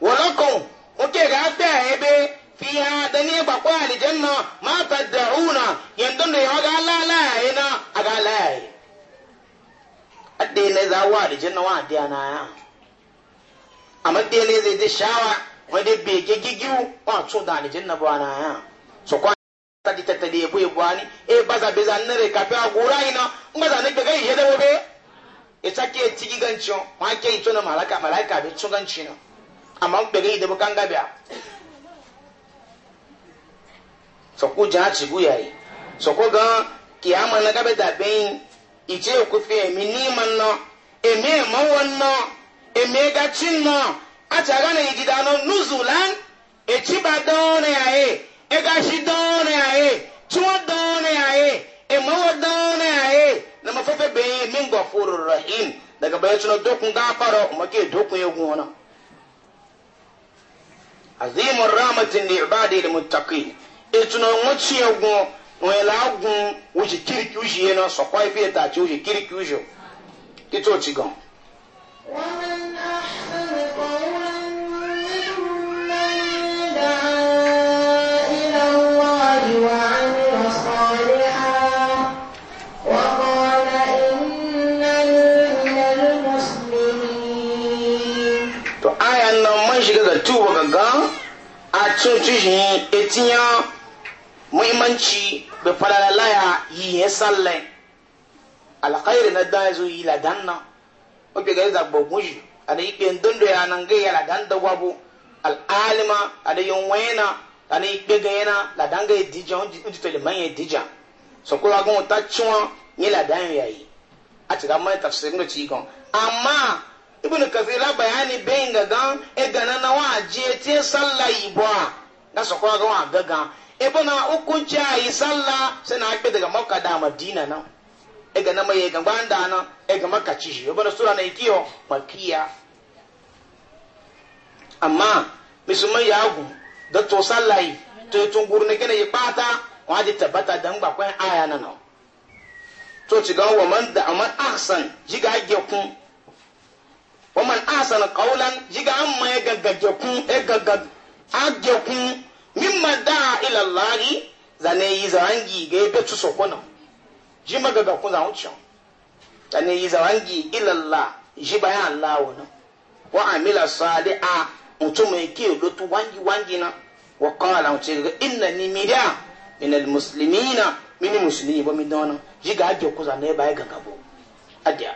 walako o ke ga fe aye be fi ha de ni gba ko alijanna ma tad'una nyen don do ya ga ala la aye na aga la aye adde ne za wa alijanna wa adde na ya amma de ne zai de shawa wani bege gigiu wa tso da alijanna ba na ya so tati ebu ebu ani e baza beza nere kafe agura ina ne gaga ihe da wobe e tigi gancho ma ke ito na malaka malaka be tsungan chino amma be ga ide bukan gabe so ku ja ci bu yayi so ko ga kiyama na gabe da ben ije ku fi emi ni man no emi ma wonno emi ga chin no a ta ga na yi no nuzulan e ci ba don ne ega shi dɔɔne a ye tuwa dɔɔne a ye emawo dɔɔne a ye nama fɔ fɛ bɛn ye min gɔfuru rahim daga bɛn sɔrɔ dɔkun k'a parɔ o ma kɛ dɔkun ye kun kɔnɔ azimu rahmatin li ibadi li muttaqin ituna e ŋutsu ye gun ŋun la gun wusi kiriki wusi yen nɔ sɔkɔ ye fiye taa ti wusi kiriki wusi o kito ti gan. ومن أحسن قولا ممن دعا wa gangan a cin jishin etiyan muhimmanci da falalaya yi ya sallai alkhairi na da zo yi ladan nan mafi gari zagba gushi a da ikpe dundu ya nan gaya ladan da gwabo al'alima a da yin wayana a da ikpe gayana ladan ga dija wani jito tole ya dija so kura gan wata ciwon yi ladan yayi a cika mai tafsirin da ci amma ibn kafir la bayani bayin gagan e gana na wa je te salla ibo a da so kwa wa gagan e bona hukunci yi salla sai na akpe daga makka madina na e gana mai ga banda na e ga maka ci shi na sura na ikiyo makiya amma musulman ya gu da to salla yi to tun gurne gane ya pata wa ji tabbata dan gbakwai aya na na to ci ga wa man da aman ahsan ji ge kun waman asana kaulan jiga amma ya gaggage ku ya gaggage agge mimma da ila Allah zane yi zawangi ga ya betu sokona ji magaga ku zan wuce zane yi zawangi ila Allah ji bayan Allah wannan wa amila a mutum ya ke lutu wangi wangi na wa qala mutum ga inna ni mira min al muslimina min muslimi ba min dona ji ga agge zane ya bayan gaggabo adiya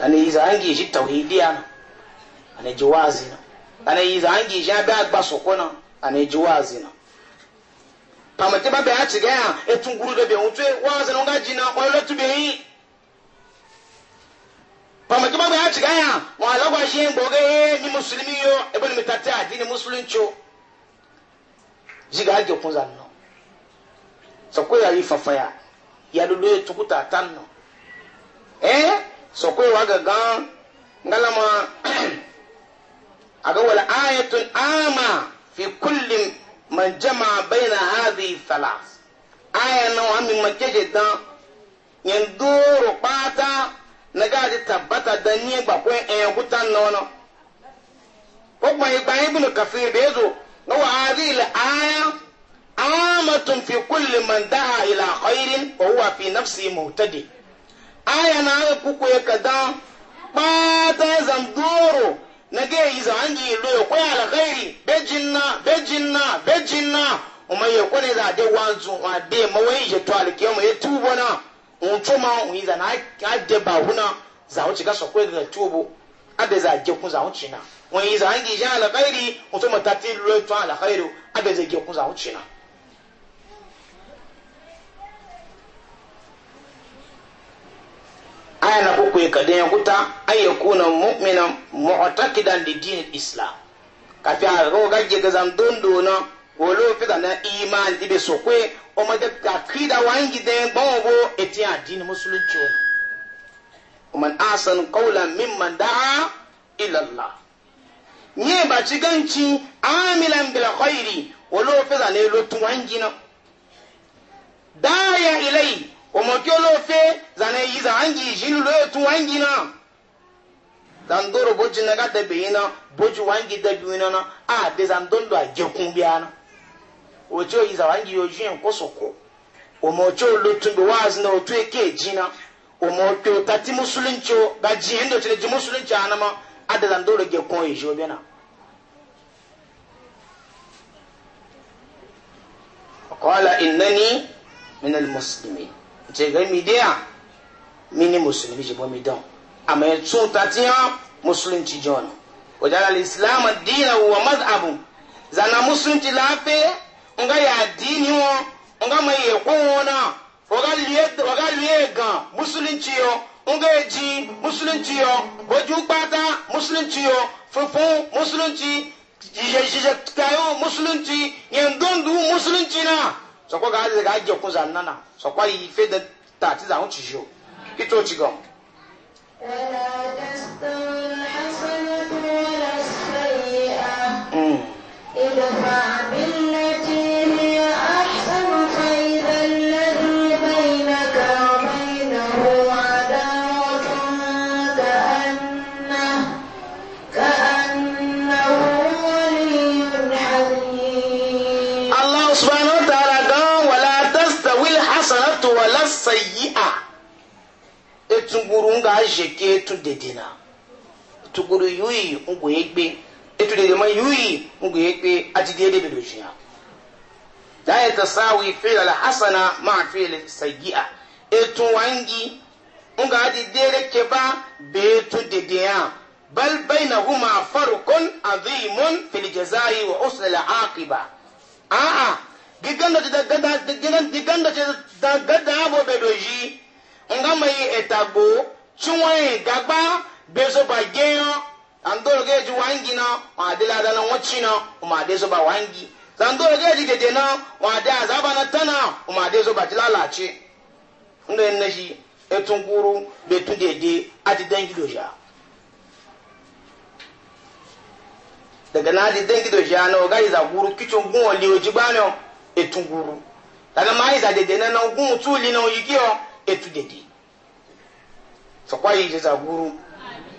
ana yi zangi shi tauhidiya na ana ji wazi na ana yi zangi shi abin agba soko na ana ji wazi na pamati ba bɛn ati gɛn a etun guru de bɛn wotu wazi na ŋa ji na ɔyɛ lɔtu bɛn yi pamati ba bɛn ati gɛn a wɔn alagba zi yɛn ye ni musulmi yo ebe ni mi ta te adi ni musulmi tso ziga adi kun zan nɔ ya yi fafaya yalolo ye tukuta tan nɔ eh? ɛɛ. sokoi wa gagan ngalama aga wala ayatun ama fi kulli man jama baina hadhihi thalas aya na wa min makeje dan yen duro pata naga ji tabbata dan ni gba ko en hutan nono ko ma igba ibn kafir bezo na wa hadhihi la aya amatun fi kulli man daa ila khairin wa huwa fi nafsi muhtadi aya na aya kuku ya kada bata zamdoro na ga yi za an yi lo ko ya alkhairi bejinna bejinna bejinna umma ya ko ne za de wanzu a de ma mawai je to alkiyama ya tubo na mutuma un yi za na ka de ba huna za wuce ga sokwe da tubo ade za je kun za wuce na wani yi za an yi je alkhairi mutuma ta ti lo to alkhairi ade za je kun za wuce na aya na kuku ikade kuta ay kuna mu'mina mu'taqidan da din islam kafi a ro ga je ga don dondo na wolo fi da na iman dibe sokwe o ma da ka kida wangi den bo eti adini musulunci man asan qawlan mimman da'a ila allah nye ba ci ganci amilan bil khairi wolo fi da ne lotun wangi na daya ilai omoki olofe zana yi za angi jilu lo etu wangi na zandoro boji na gada beyi na boji wangi da biyu na na a de zandondo a gekun biya na oji oyi za wangi yoji yin kosoko omoki olotun bi wazi na otu ke ji na omoki otati musulunci ga ji yin da ji musulunci a nama a de zandoro gekun eji obi na قال إنني من المسلمين ce ga mi mini musulmi ji bomi don tsuta musulunci wajen addini wa abu zana musulunci lafe ga ya mai ya kowana waga liye gan musulunci yo nga ya ji musulunci yo pata musulunci yo musulunci musulunci na sọkwa ga adịghị ga-agị ọkwụ za nna na sọkwa yi ife dị tati za ahụ chishi o kịta ochi gọm nga zheke etu dede na tukuru yuyi ngwe egbe etu dede ma yuyi ngwe egbe ajidi edebe do jiya la yatasawi fi'l al-hasana ma fi'l sayyi'a etu wangi nga adi dere keba be etu dede ya bal bainahuma farqun adhimun fil jazai wa usl al-aqiba a'a giganda da gada giganda da gada bo be do ji nga mai etagbo tí wọ́n yìí gàgbá gbèsòbà géyàn àǹdóòrò géèjì na náà wọn àdé ládàá wọn tì náà wọn àdé sọba na àǹdóòrò géèjì dèdè náà wọn àdé àzábà náà tán náà wọn àdé sọba tí lálàtì ńlẹ nẹsì ẹtún kúrú bẹtún dèdè àti dẹ́ńgì dòṣà. daga na di dẹ́ńgì dòṣà náà ọ̀gá ìzà kúrú kíchùn gún ọ̀lì òjì gbá náà ẹtún kúrú daga máa ìzà dèdè náà gun túlì náà yìí kí ọ ẹtún dèdè. sɔkɔ yi dze zaguru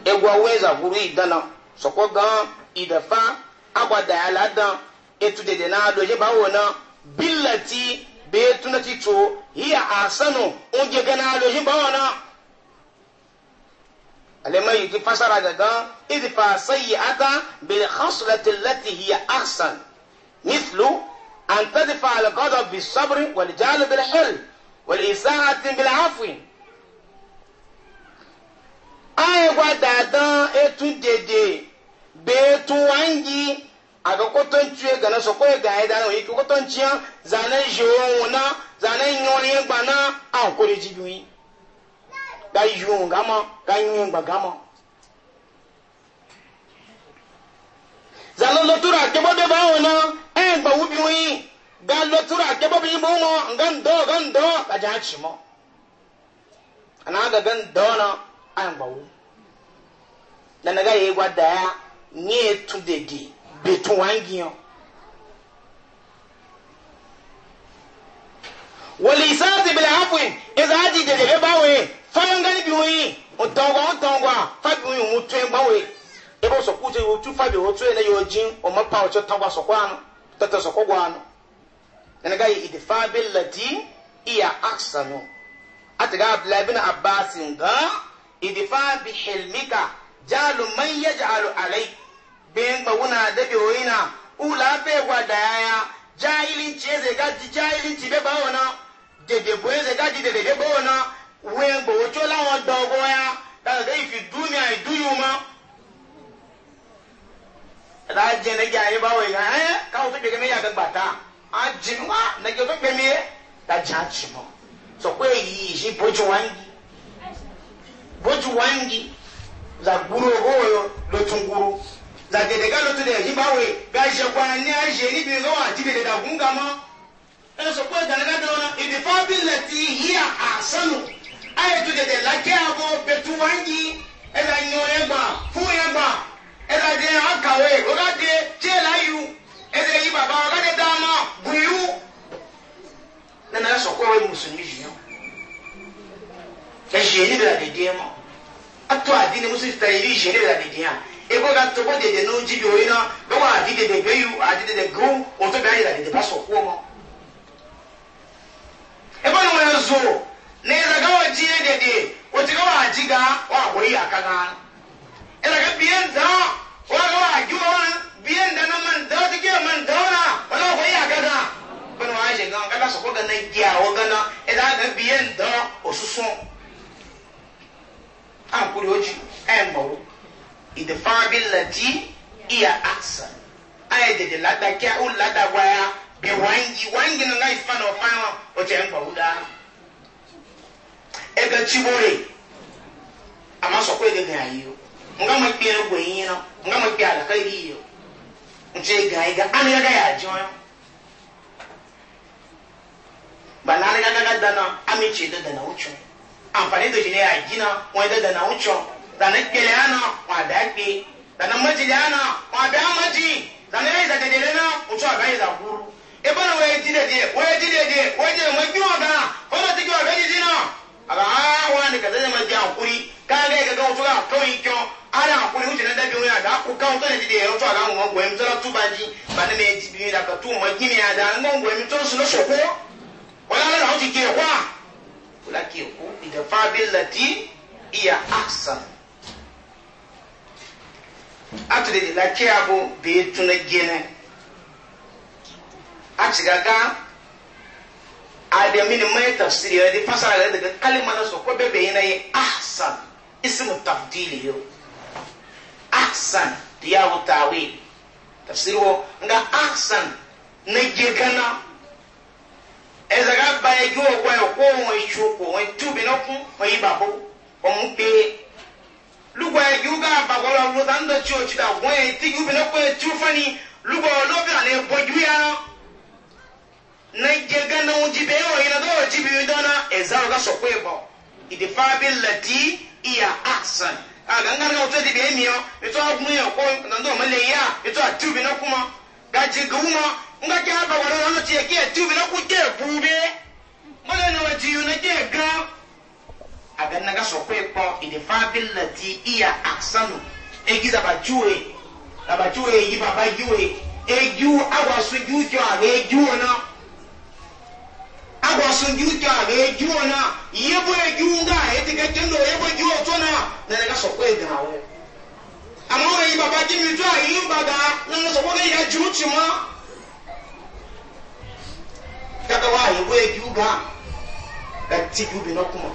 egua woe zaguru yi dana sɔkɔ idafa agbada ya la dan etu dede na do yeba wo na bilati tuna ti tso hiya asanu ŋudze gana do yeba wo na alema yi ti fasara gangan idifa sayi ata bele xasulati lati hiya asan mithlu an tadifa alqadɔ bisabiri walijaalu bilxil walisaati bilcafin. ha gwa dada etu dede bee tu wangi aga koto ntue gana sokwe ah, ga anyị dana oyi koto ntia zane je onwu na zana nyori ngba na akwụrụ jibi ga yi onwu gama ga yi ngba gama zana lotura kebodo ba onwu na anyị gba wubi oyi ga lotura kebodo ibo mo nga ndo ga ndo ga ja chimo ana aga ga ndo na an gbawo dana ga gwa daya nye tu betu wangiyo wali isaati bila hafwi iza aji dede de fayangani bi hoyi otongwa fabi hoyi mutwe bawe ebo so kuje yo fabi e yo jin o ma pa nga idifa bi hilmika jalu man yaj'alu alai bin bawuna da biyoyina ula be gwada yaya jahilin ce zai ji jahilin ci be bawona dede boye zai ji dede be bawona wen bo wocho lawon dogo ya daga ga ifi duniya iduyuma da je na gyaye bawai ga eh ka wuce daga me ya ga bata a jinwa na ga ga me da jaci mo so ko yi shi bojo wangi boju wangi za gburo goyo lotun gburo za dede ga lotun de yi bawe ga ise kwa ni a ise ni bi ga ti dede da gunga mo e so pe da ga do ibi fa bi lati hiya asanu aye tu dede la ke abo betu wangi e la nyo e gba fu e gba e la de akawe o ga de je la yu e de yi baba ga de da ma guyu nana so ko we musulmi jiyan E ka jeni da dede mo ato adi ne musu ta iri jeni da dede ha ego ga to bode de no ji jibi yi na ba wa adi de de beyu adi de de go o to ga ira de ba so ko mo e ba no mo zo ne da ga wa ji de de o ti ka wa ji ga wa go yi aka ga e da ga bien da wa ga wa ju wa bien da na man da ti ke man da na wa na go yi aka ga ba no wa je ga ga so ko ga na dia o gana na e da ga bien da o susun an kuri oji en bawo idfa bil lati iya ahsan ay de de lada ke u lada waya be wangi wangi na ngai fana o fana o te en bawo da e ga chibore ama so ko de ga yiyo nga mo pe ro gwe no nga mo pe ala kai yiyo nje ga ga an ga ya joyo balani ga ga dana amiche de uchu amfani da shi ne a gina wani da na wucin da na ana wa da ke da na majili ana wa da maji da yi za dede na wuce wa bai za guru e bana waye ji dede waye ji dede waye ji ma kiwa ga ko ma ti kiwa bai ji na aga a ah, wa ne ka zai ma ji hankuri ka ga ga ga wuce ga kawai kyo ana hankuri wuce na dabi wani da ku kawo tana dede ya wuce ga mu ngwa mi tsara tuba ji ba ne mai ji bi da ka tu ma gini ya da ngwa mi to su na soko wala ala hauti ke kwa ولكن يكون ادفع بالتي هي احسن atụrụ la ke abụ bee tuna gene a ciga ga adamini mai tafsiri ya di fasara da daga kalima na sokwa bebe yana yi ahsan ismu tafdili aksan ahsan ya wutawe tafsiri wo nga aksan na gegana ẹ̀sẹ̀ ká ba ọgbọ ọ̀pọ̀ ẹ̀kọ́ wọn èso kò wọn túbi náà kún wọn yí bàbá ọ̀hún pé lùgbọ̀ ẹ̀jú ká bàbá lọ lọ́ta ń dọ̀tí òtí ta wọ́n ẹ̀ tí yúbi náà pé tú fani gánà ń náà dáná bọ̀ ìdìfá bí lẹ́tí àṣàn náà tó dìbẹ̀ ẹ̀mí ọ ètò nga ke aba wara wana tie ke tubi na ku ke bube mole na wa tiyo na ke ga aga na ga sokwe po ide fa billati iya aksanu egiza ba juwe na ba juwe yi ba ba juwe eju awa su ju jo aga eju ona awa su ju jo aga eju ona yebo eju nga eti ke kendo yebo ju otona na na ga sokwe ga awo amore yi baba jimi jo ayi mbaga na na sokwe ga ya ju ti mo kaga wa yi waye biyu ga da ci biyu bi na kuma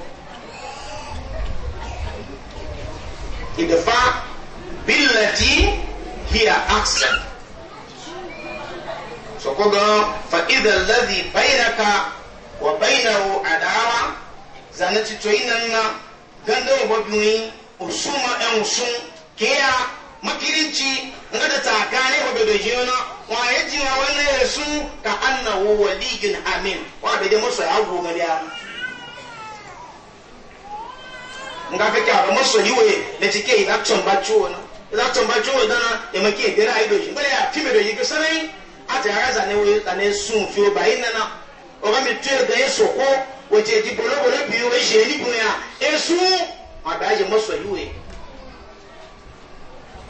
idfa billati hiya ahsan so ko ga fa idha alladhi bainaka wa bainahu adawa zanati to inan na ganda wa biyu usuma en usum kiya makirinci ngada tsakani wa da jina wa ya ji na wannan ya su ka annahu waliyun amin wa bai da musa ya go gariya nga ka ba musa yiwe da cike ina tamba ciwo na ciwo na ya maki da shi bale ya timi do yi ka a ta ya zane ne sun fi ba ina na o ga da ya soko wace ji bolo bolo ya esu da ya yiwe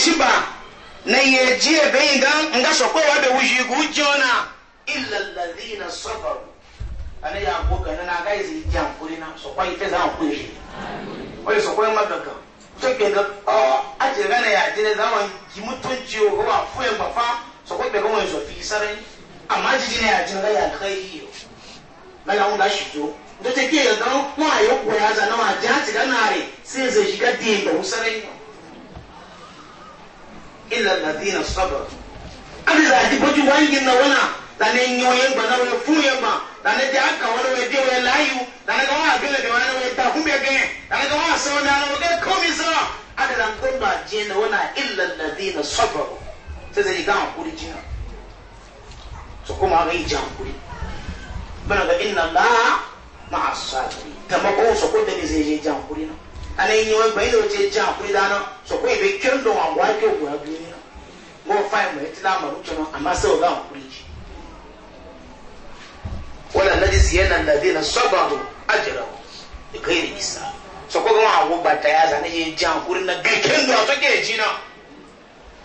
chiba na ye ji ebe yi ga nga sokwe wa be wuji gu jona illa alladhina sabaru ana ya ko kana na ga yi ji ankuri na sokwa yi feza ankuri shi wai sokwa ma gaga so ke ga a je ga na ya je ne zaman ji mutunci o ko wa fu e gbafa sokwa be ga won so fi sare amma ji ne ya je ga ya kai na la unda shi jo ndo te ke ga ko ayo ko ya za na wa ja ti ga na re sai zai shiga di ga usare illa alladhina sabaru abi za di boju wangi na wana da ne nyo yemba na we fu yemba da ne ja ka wala we je we layu da ne wa gele de wana we ta kumbe ge da ne wa so na na we ko mi so ada dan ko ba je na wana illa alladhina sabaru sai zai ga hakuri jina so kuma ga yi jan hakuri bana ga inna allaha ma'a sabiri tamako so ko da ne zai je jan hakuri na ana yi wọn gbẹ̀yìn ló ti jẹ́ àkúrẹ́ dáná sọ̀kọ́ ìbí kí ń lọ àwọn wáyé ògùn abúlé náà wọ́n fa ìmọ̀ ẹtí náà màrún náà àmọ́ sẹ́ ọ̀gá àkúrẹ́ yìí. wọ́n lọ lọ́dí sí ẹ̀nà nàdí na sọ́gbàdù àjẹrà ọ̀ ẹ̀kọ́ yìí nìyí sá sọ̀kọ́ kí wọ́n àwọ̀ gbàtà yà sá ní yẹ jẹ́ àkúrẹ́ náà gẹ̀ kí ń lọ àtọ́kẹ́ ẹ̀jì náà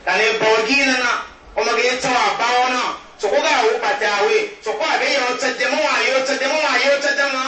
tàní bọ̀ọ̀gì náà ọmọ kì í tẹ́ wọn àbá wọn náà sọ̀kọ́ kí àwọ̀ gbàtà àwẹ̀ sọ̀kọ́ àbẹ́yẹ ọ̀tẹ̀ dẹ́mọ́ àyẹ̀ ọ̀tẹ̀ dẹ́mọ́ àyẹ̀ ọ̀tẹ̀ dẹ́mọ́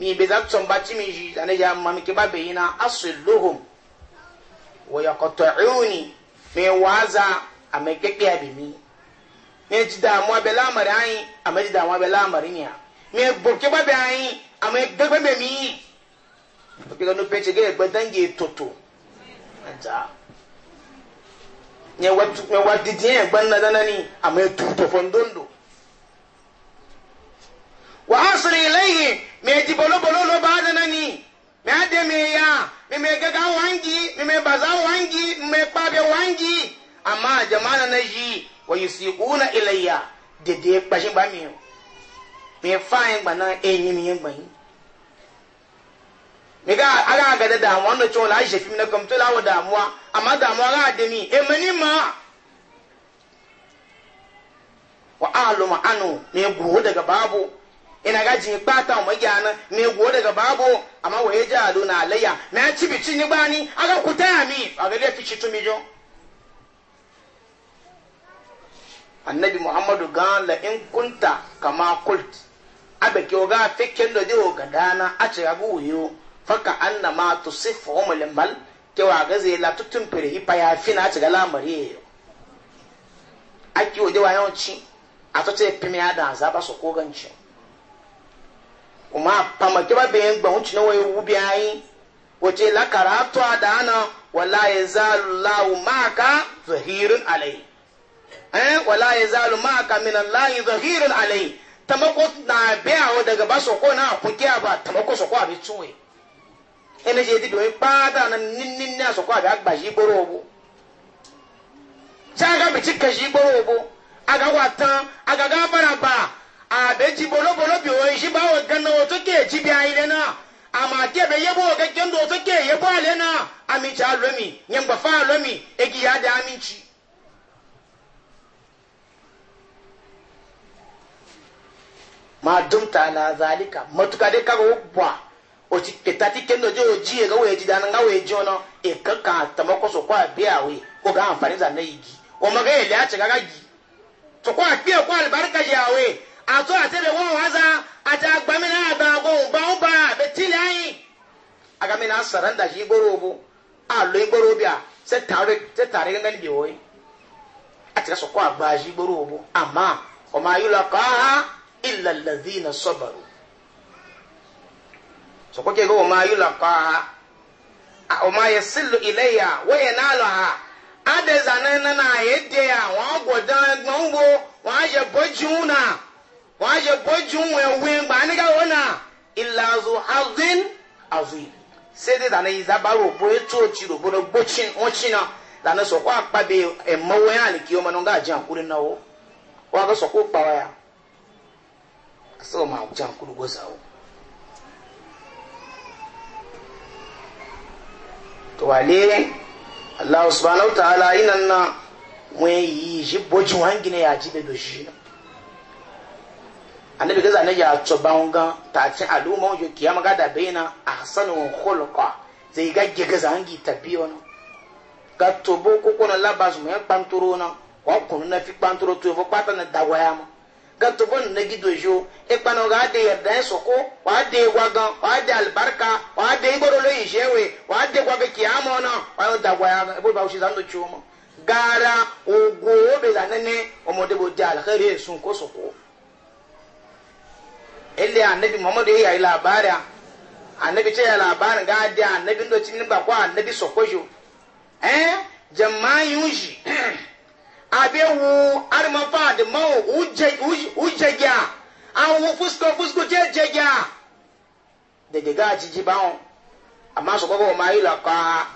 mi be za tsomba timi ji zane ja mam ke ba be ina asluhum e wa yaqta'uni me waza ame keke abi mi me ji da mo be la mari ayin ame ji da mo be la mari ni me bo ke ba be ayin ame gbegbe be mi o ke no peche ge gbe dange toto aja nye wa tu me wa didi e gbanna danani ame tu to fondondo wa asiri ilaihi ihe ji bolo bolo lo ba da nani me ade me ya me me gaga wangi me me baza wangi me pa be wangi amma jama'a na ji wa yusiquna ilayya de de pa shi ba na enyi mi ba yi me ga ala ga la shi fim na kam to la wa da mu amma da e wa aluma anu me daga babu ina ga jin kpata o magiya na me go daga babo amma waye jalu na alayya na ci bici ni bani aga ta mi aga le ci mi jo annabi muhammadu gan la in kunta kama kult abe ki oga fikken do dio dana a ci ga guyo faka annama tusifu umul bal ke wa ga zai la tutun fere ipa ya fina a ci ga lamari aki de wa yawanci a tace pimi ada za ba su koganci kuma pama kiba ben gbon cina waye wubi ayi wace la karatu adana wala yazalu e lahu maka zahirun alai eh wala yazalu e maka min allahi zahirun alai tamako na abịa biya daga ba ko na kunkiya ba tamako so ko abi tuwe ene je dido ipata na ninnin na so ko abi agba yi gboro obo sha ga bi chika yi gboro obo aga watan aga ga baraba abe ji bolo bi o ji ba o gana o toke ji bi ayi lena ama ke be yebo o ke ndo o toke yebo alena ami cha lomi nyemba fa lomi egi ya da ami chi ma dumta la zalika matuka de ka go bwa o ti peta ti kendo je o ji e ga we ji dana ga we ji ono e ka ka tamako so kwa bia we o ga amfani za na igi o maga ele a che ga ga gi to kwa pia kwa albarka ya we ato ate de wɔn waza ate agbami na aba ko gbawo ba beti lanyi Agamina na saranda si gboro bo alo gboro bi a sɛ taare sɛ taare gangan bi wɔyi ate sɔ kɔ agba si gboro bo ama ɔma yi la kaa ila lavi na sɔbaro sɔkɔ kɛ ko ɔma yi la kaa ɔma yɛ silo ile ya wɔyɛ n'alɔ ha ade zanɛ nana a yɛ de a wɔn agɔ dan gbɔn wo wɔn ayɛ bɔ jiw na. wọ́n ṣe bójú wọn wí gbà nígbà wọn náà ìlàzù azin azin sédè dànù yìí zábàrò bó ètò òtí rò bọ́dọ̀ gbóchin wọn chin náà dànù sọ̀kọ́ àpàbẹ ẹ̀mọ́wọ́ yẹn àlìkí ọmọ náà gàjẹ́ àkúrẹ́ náà wọ́ wọ́n akọ́ sọ̀kọ́ pàwọ́ yà sọ̀rọ̀ máa jẹ́ àkúrẹ́ gbọ́sà wọ́. tọ́wálé aláwọ̀ subhanahu wa ta'ala iná náà wọ́n yìí ṣe bójú wọn gíní yà á jí bẹ́ẹ̀ annabi gaza na ya to bangan ta ci al'umma yo kiyama ga da baina ahsanu khulqa zai ga ge gaza angi tabiyo no ga to bo ko ko na labas mu yan panturo na ko ko na fi panturo to fo pata na dawa ya mu ga to bon na gido jo e pano ga de ya dan so ko wa de wa gan wa de albarka wa de iboro lo ishewe wa de kwa ga kiyama na wa dawa ya bo ba ushi zan do chuma gara ogo obe zanene omode bo de alkhairi sun ko so ko ile annabi muhammadu ya yi labarin annabi ce ya labarin ga adi annabi ndo cin ba kwa annabi sokojo eh jama'a yunji abewu armafa da mawu ujegya an wu fusko fusko je jegya da gaga jiji bawon amma su kwakwa ma yi laka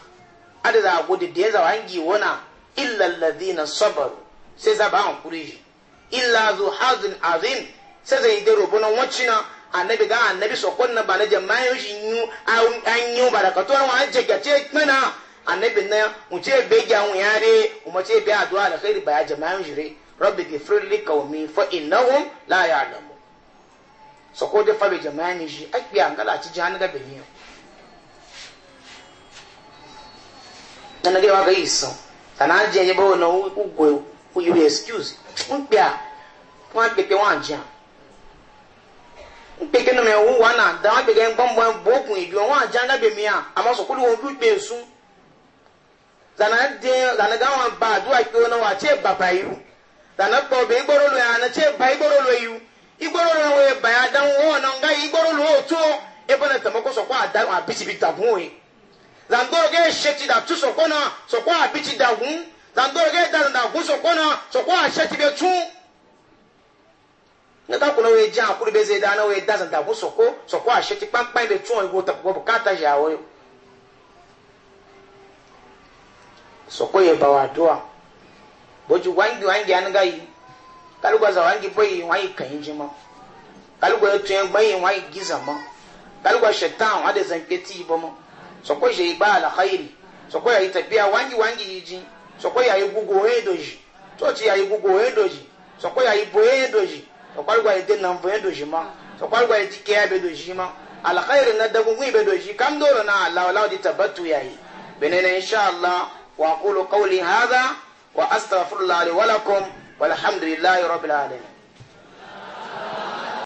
adada gudu da ya zawa hangi wana illallazi na sabaru sai ba an kuri illa zu hazin azin. sai zai da robo na wancina annabi ga annabi sokon na ba na jama'a shi an yu ba da katon wa an jega ce mana annabi na mu ce be ga mu yare mu ce be addu'a da khairi ba ya jama'a shi re rabbi ghfir li qaumi fa innahum la ya'lamu soko da fa be jama'a ni shi akbi an gala ci jani da beniyo nana ge wa ga iso tana je ye bo no ku ku excuse un pia wọn gbẹgbẹ mkpeke na mɛ wa na dama kpeke gbɔngbɔn bokun ebi wɔn a janga bɛ mia a ma sɔn kulu wɔn bi kpe sun zana den zana gan wɔn ba aduwa kpe wɔn na wa tse baba yi o zana kpɔ bɛ igboro lo yan na tse ba igboro lo yi o igboro lo wɔn ye ya dan wɔn na nga yi igboro lo o to e bɛ na tɛmɛ ko sɔkɔ a da a bisi bi da kun o ye zandoro ke sɛti da tu sɔkɔ na sɔkɔ a bisi da kun zandoro ke da da kun sɔkɔ na sɔkɔ a sɛti bɛ tun. nga kuna we jẹ akuru bẹ zẹ dáná we dá zanta kó sọkó sọkó àṣẹ ti pánpán bẹ tún ọgbọ tàbùkọ bùkátà yà wọ yìí sọkó yẹ bá wà dùn à bójú wáńgì wáńgì anigá yìí kálukọ zà wáńgì bọ yìí wáńgì kàyín jí mọ kálukọ yẹ tún yẹ gbọ́n yìí wáńgì gíza mọ kálukọ ṣe tán wọn adé zan yìí bọ mọ sọkó yẹ sokwargwa ite na mvue doji ma sokwargwa ite kea be doji ma alkhairi na dagungun be doji kam doro na allah allah di tabattu yayi benene insha allah wa aqulu qawli hadha wa astaghfirullah li wa lakum walhamdulillahi rabbil alamin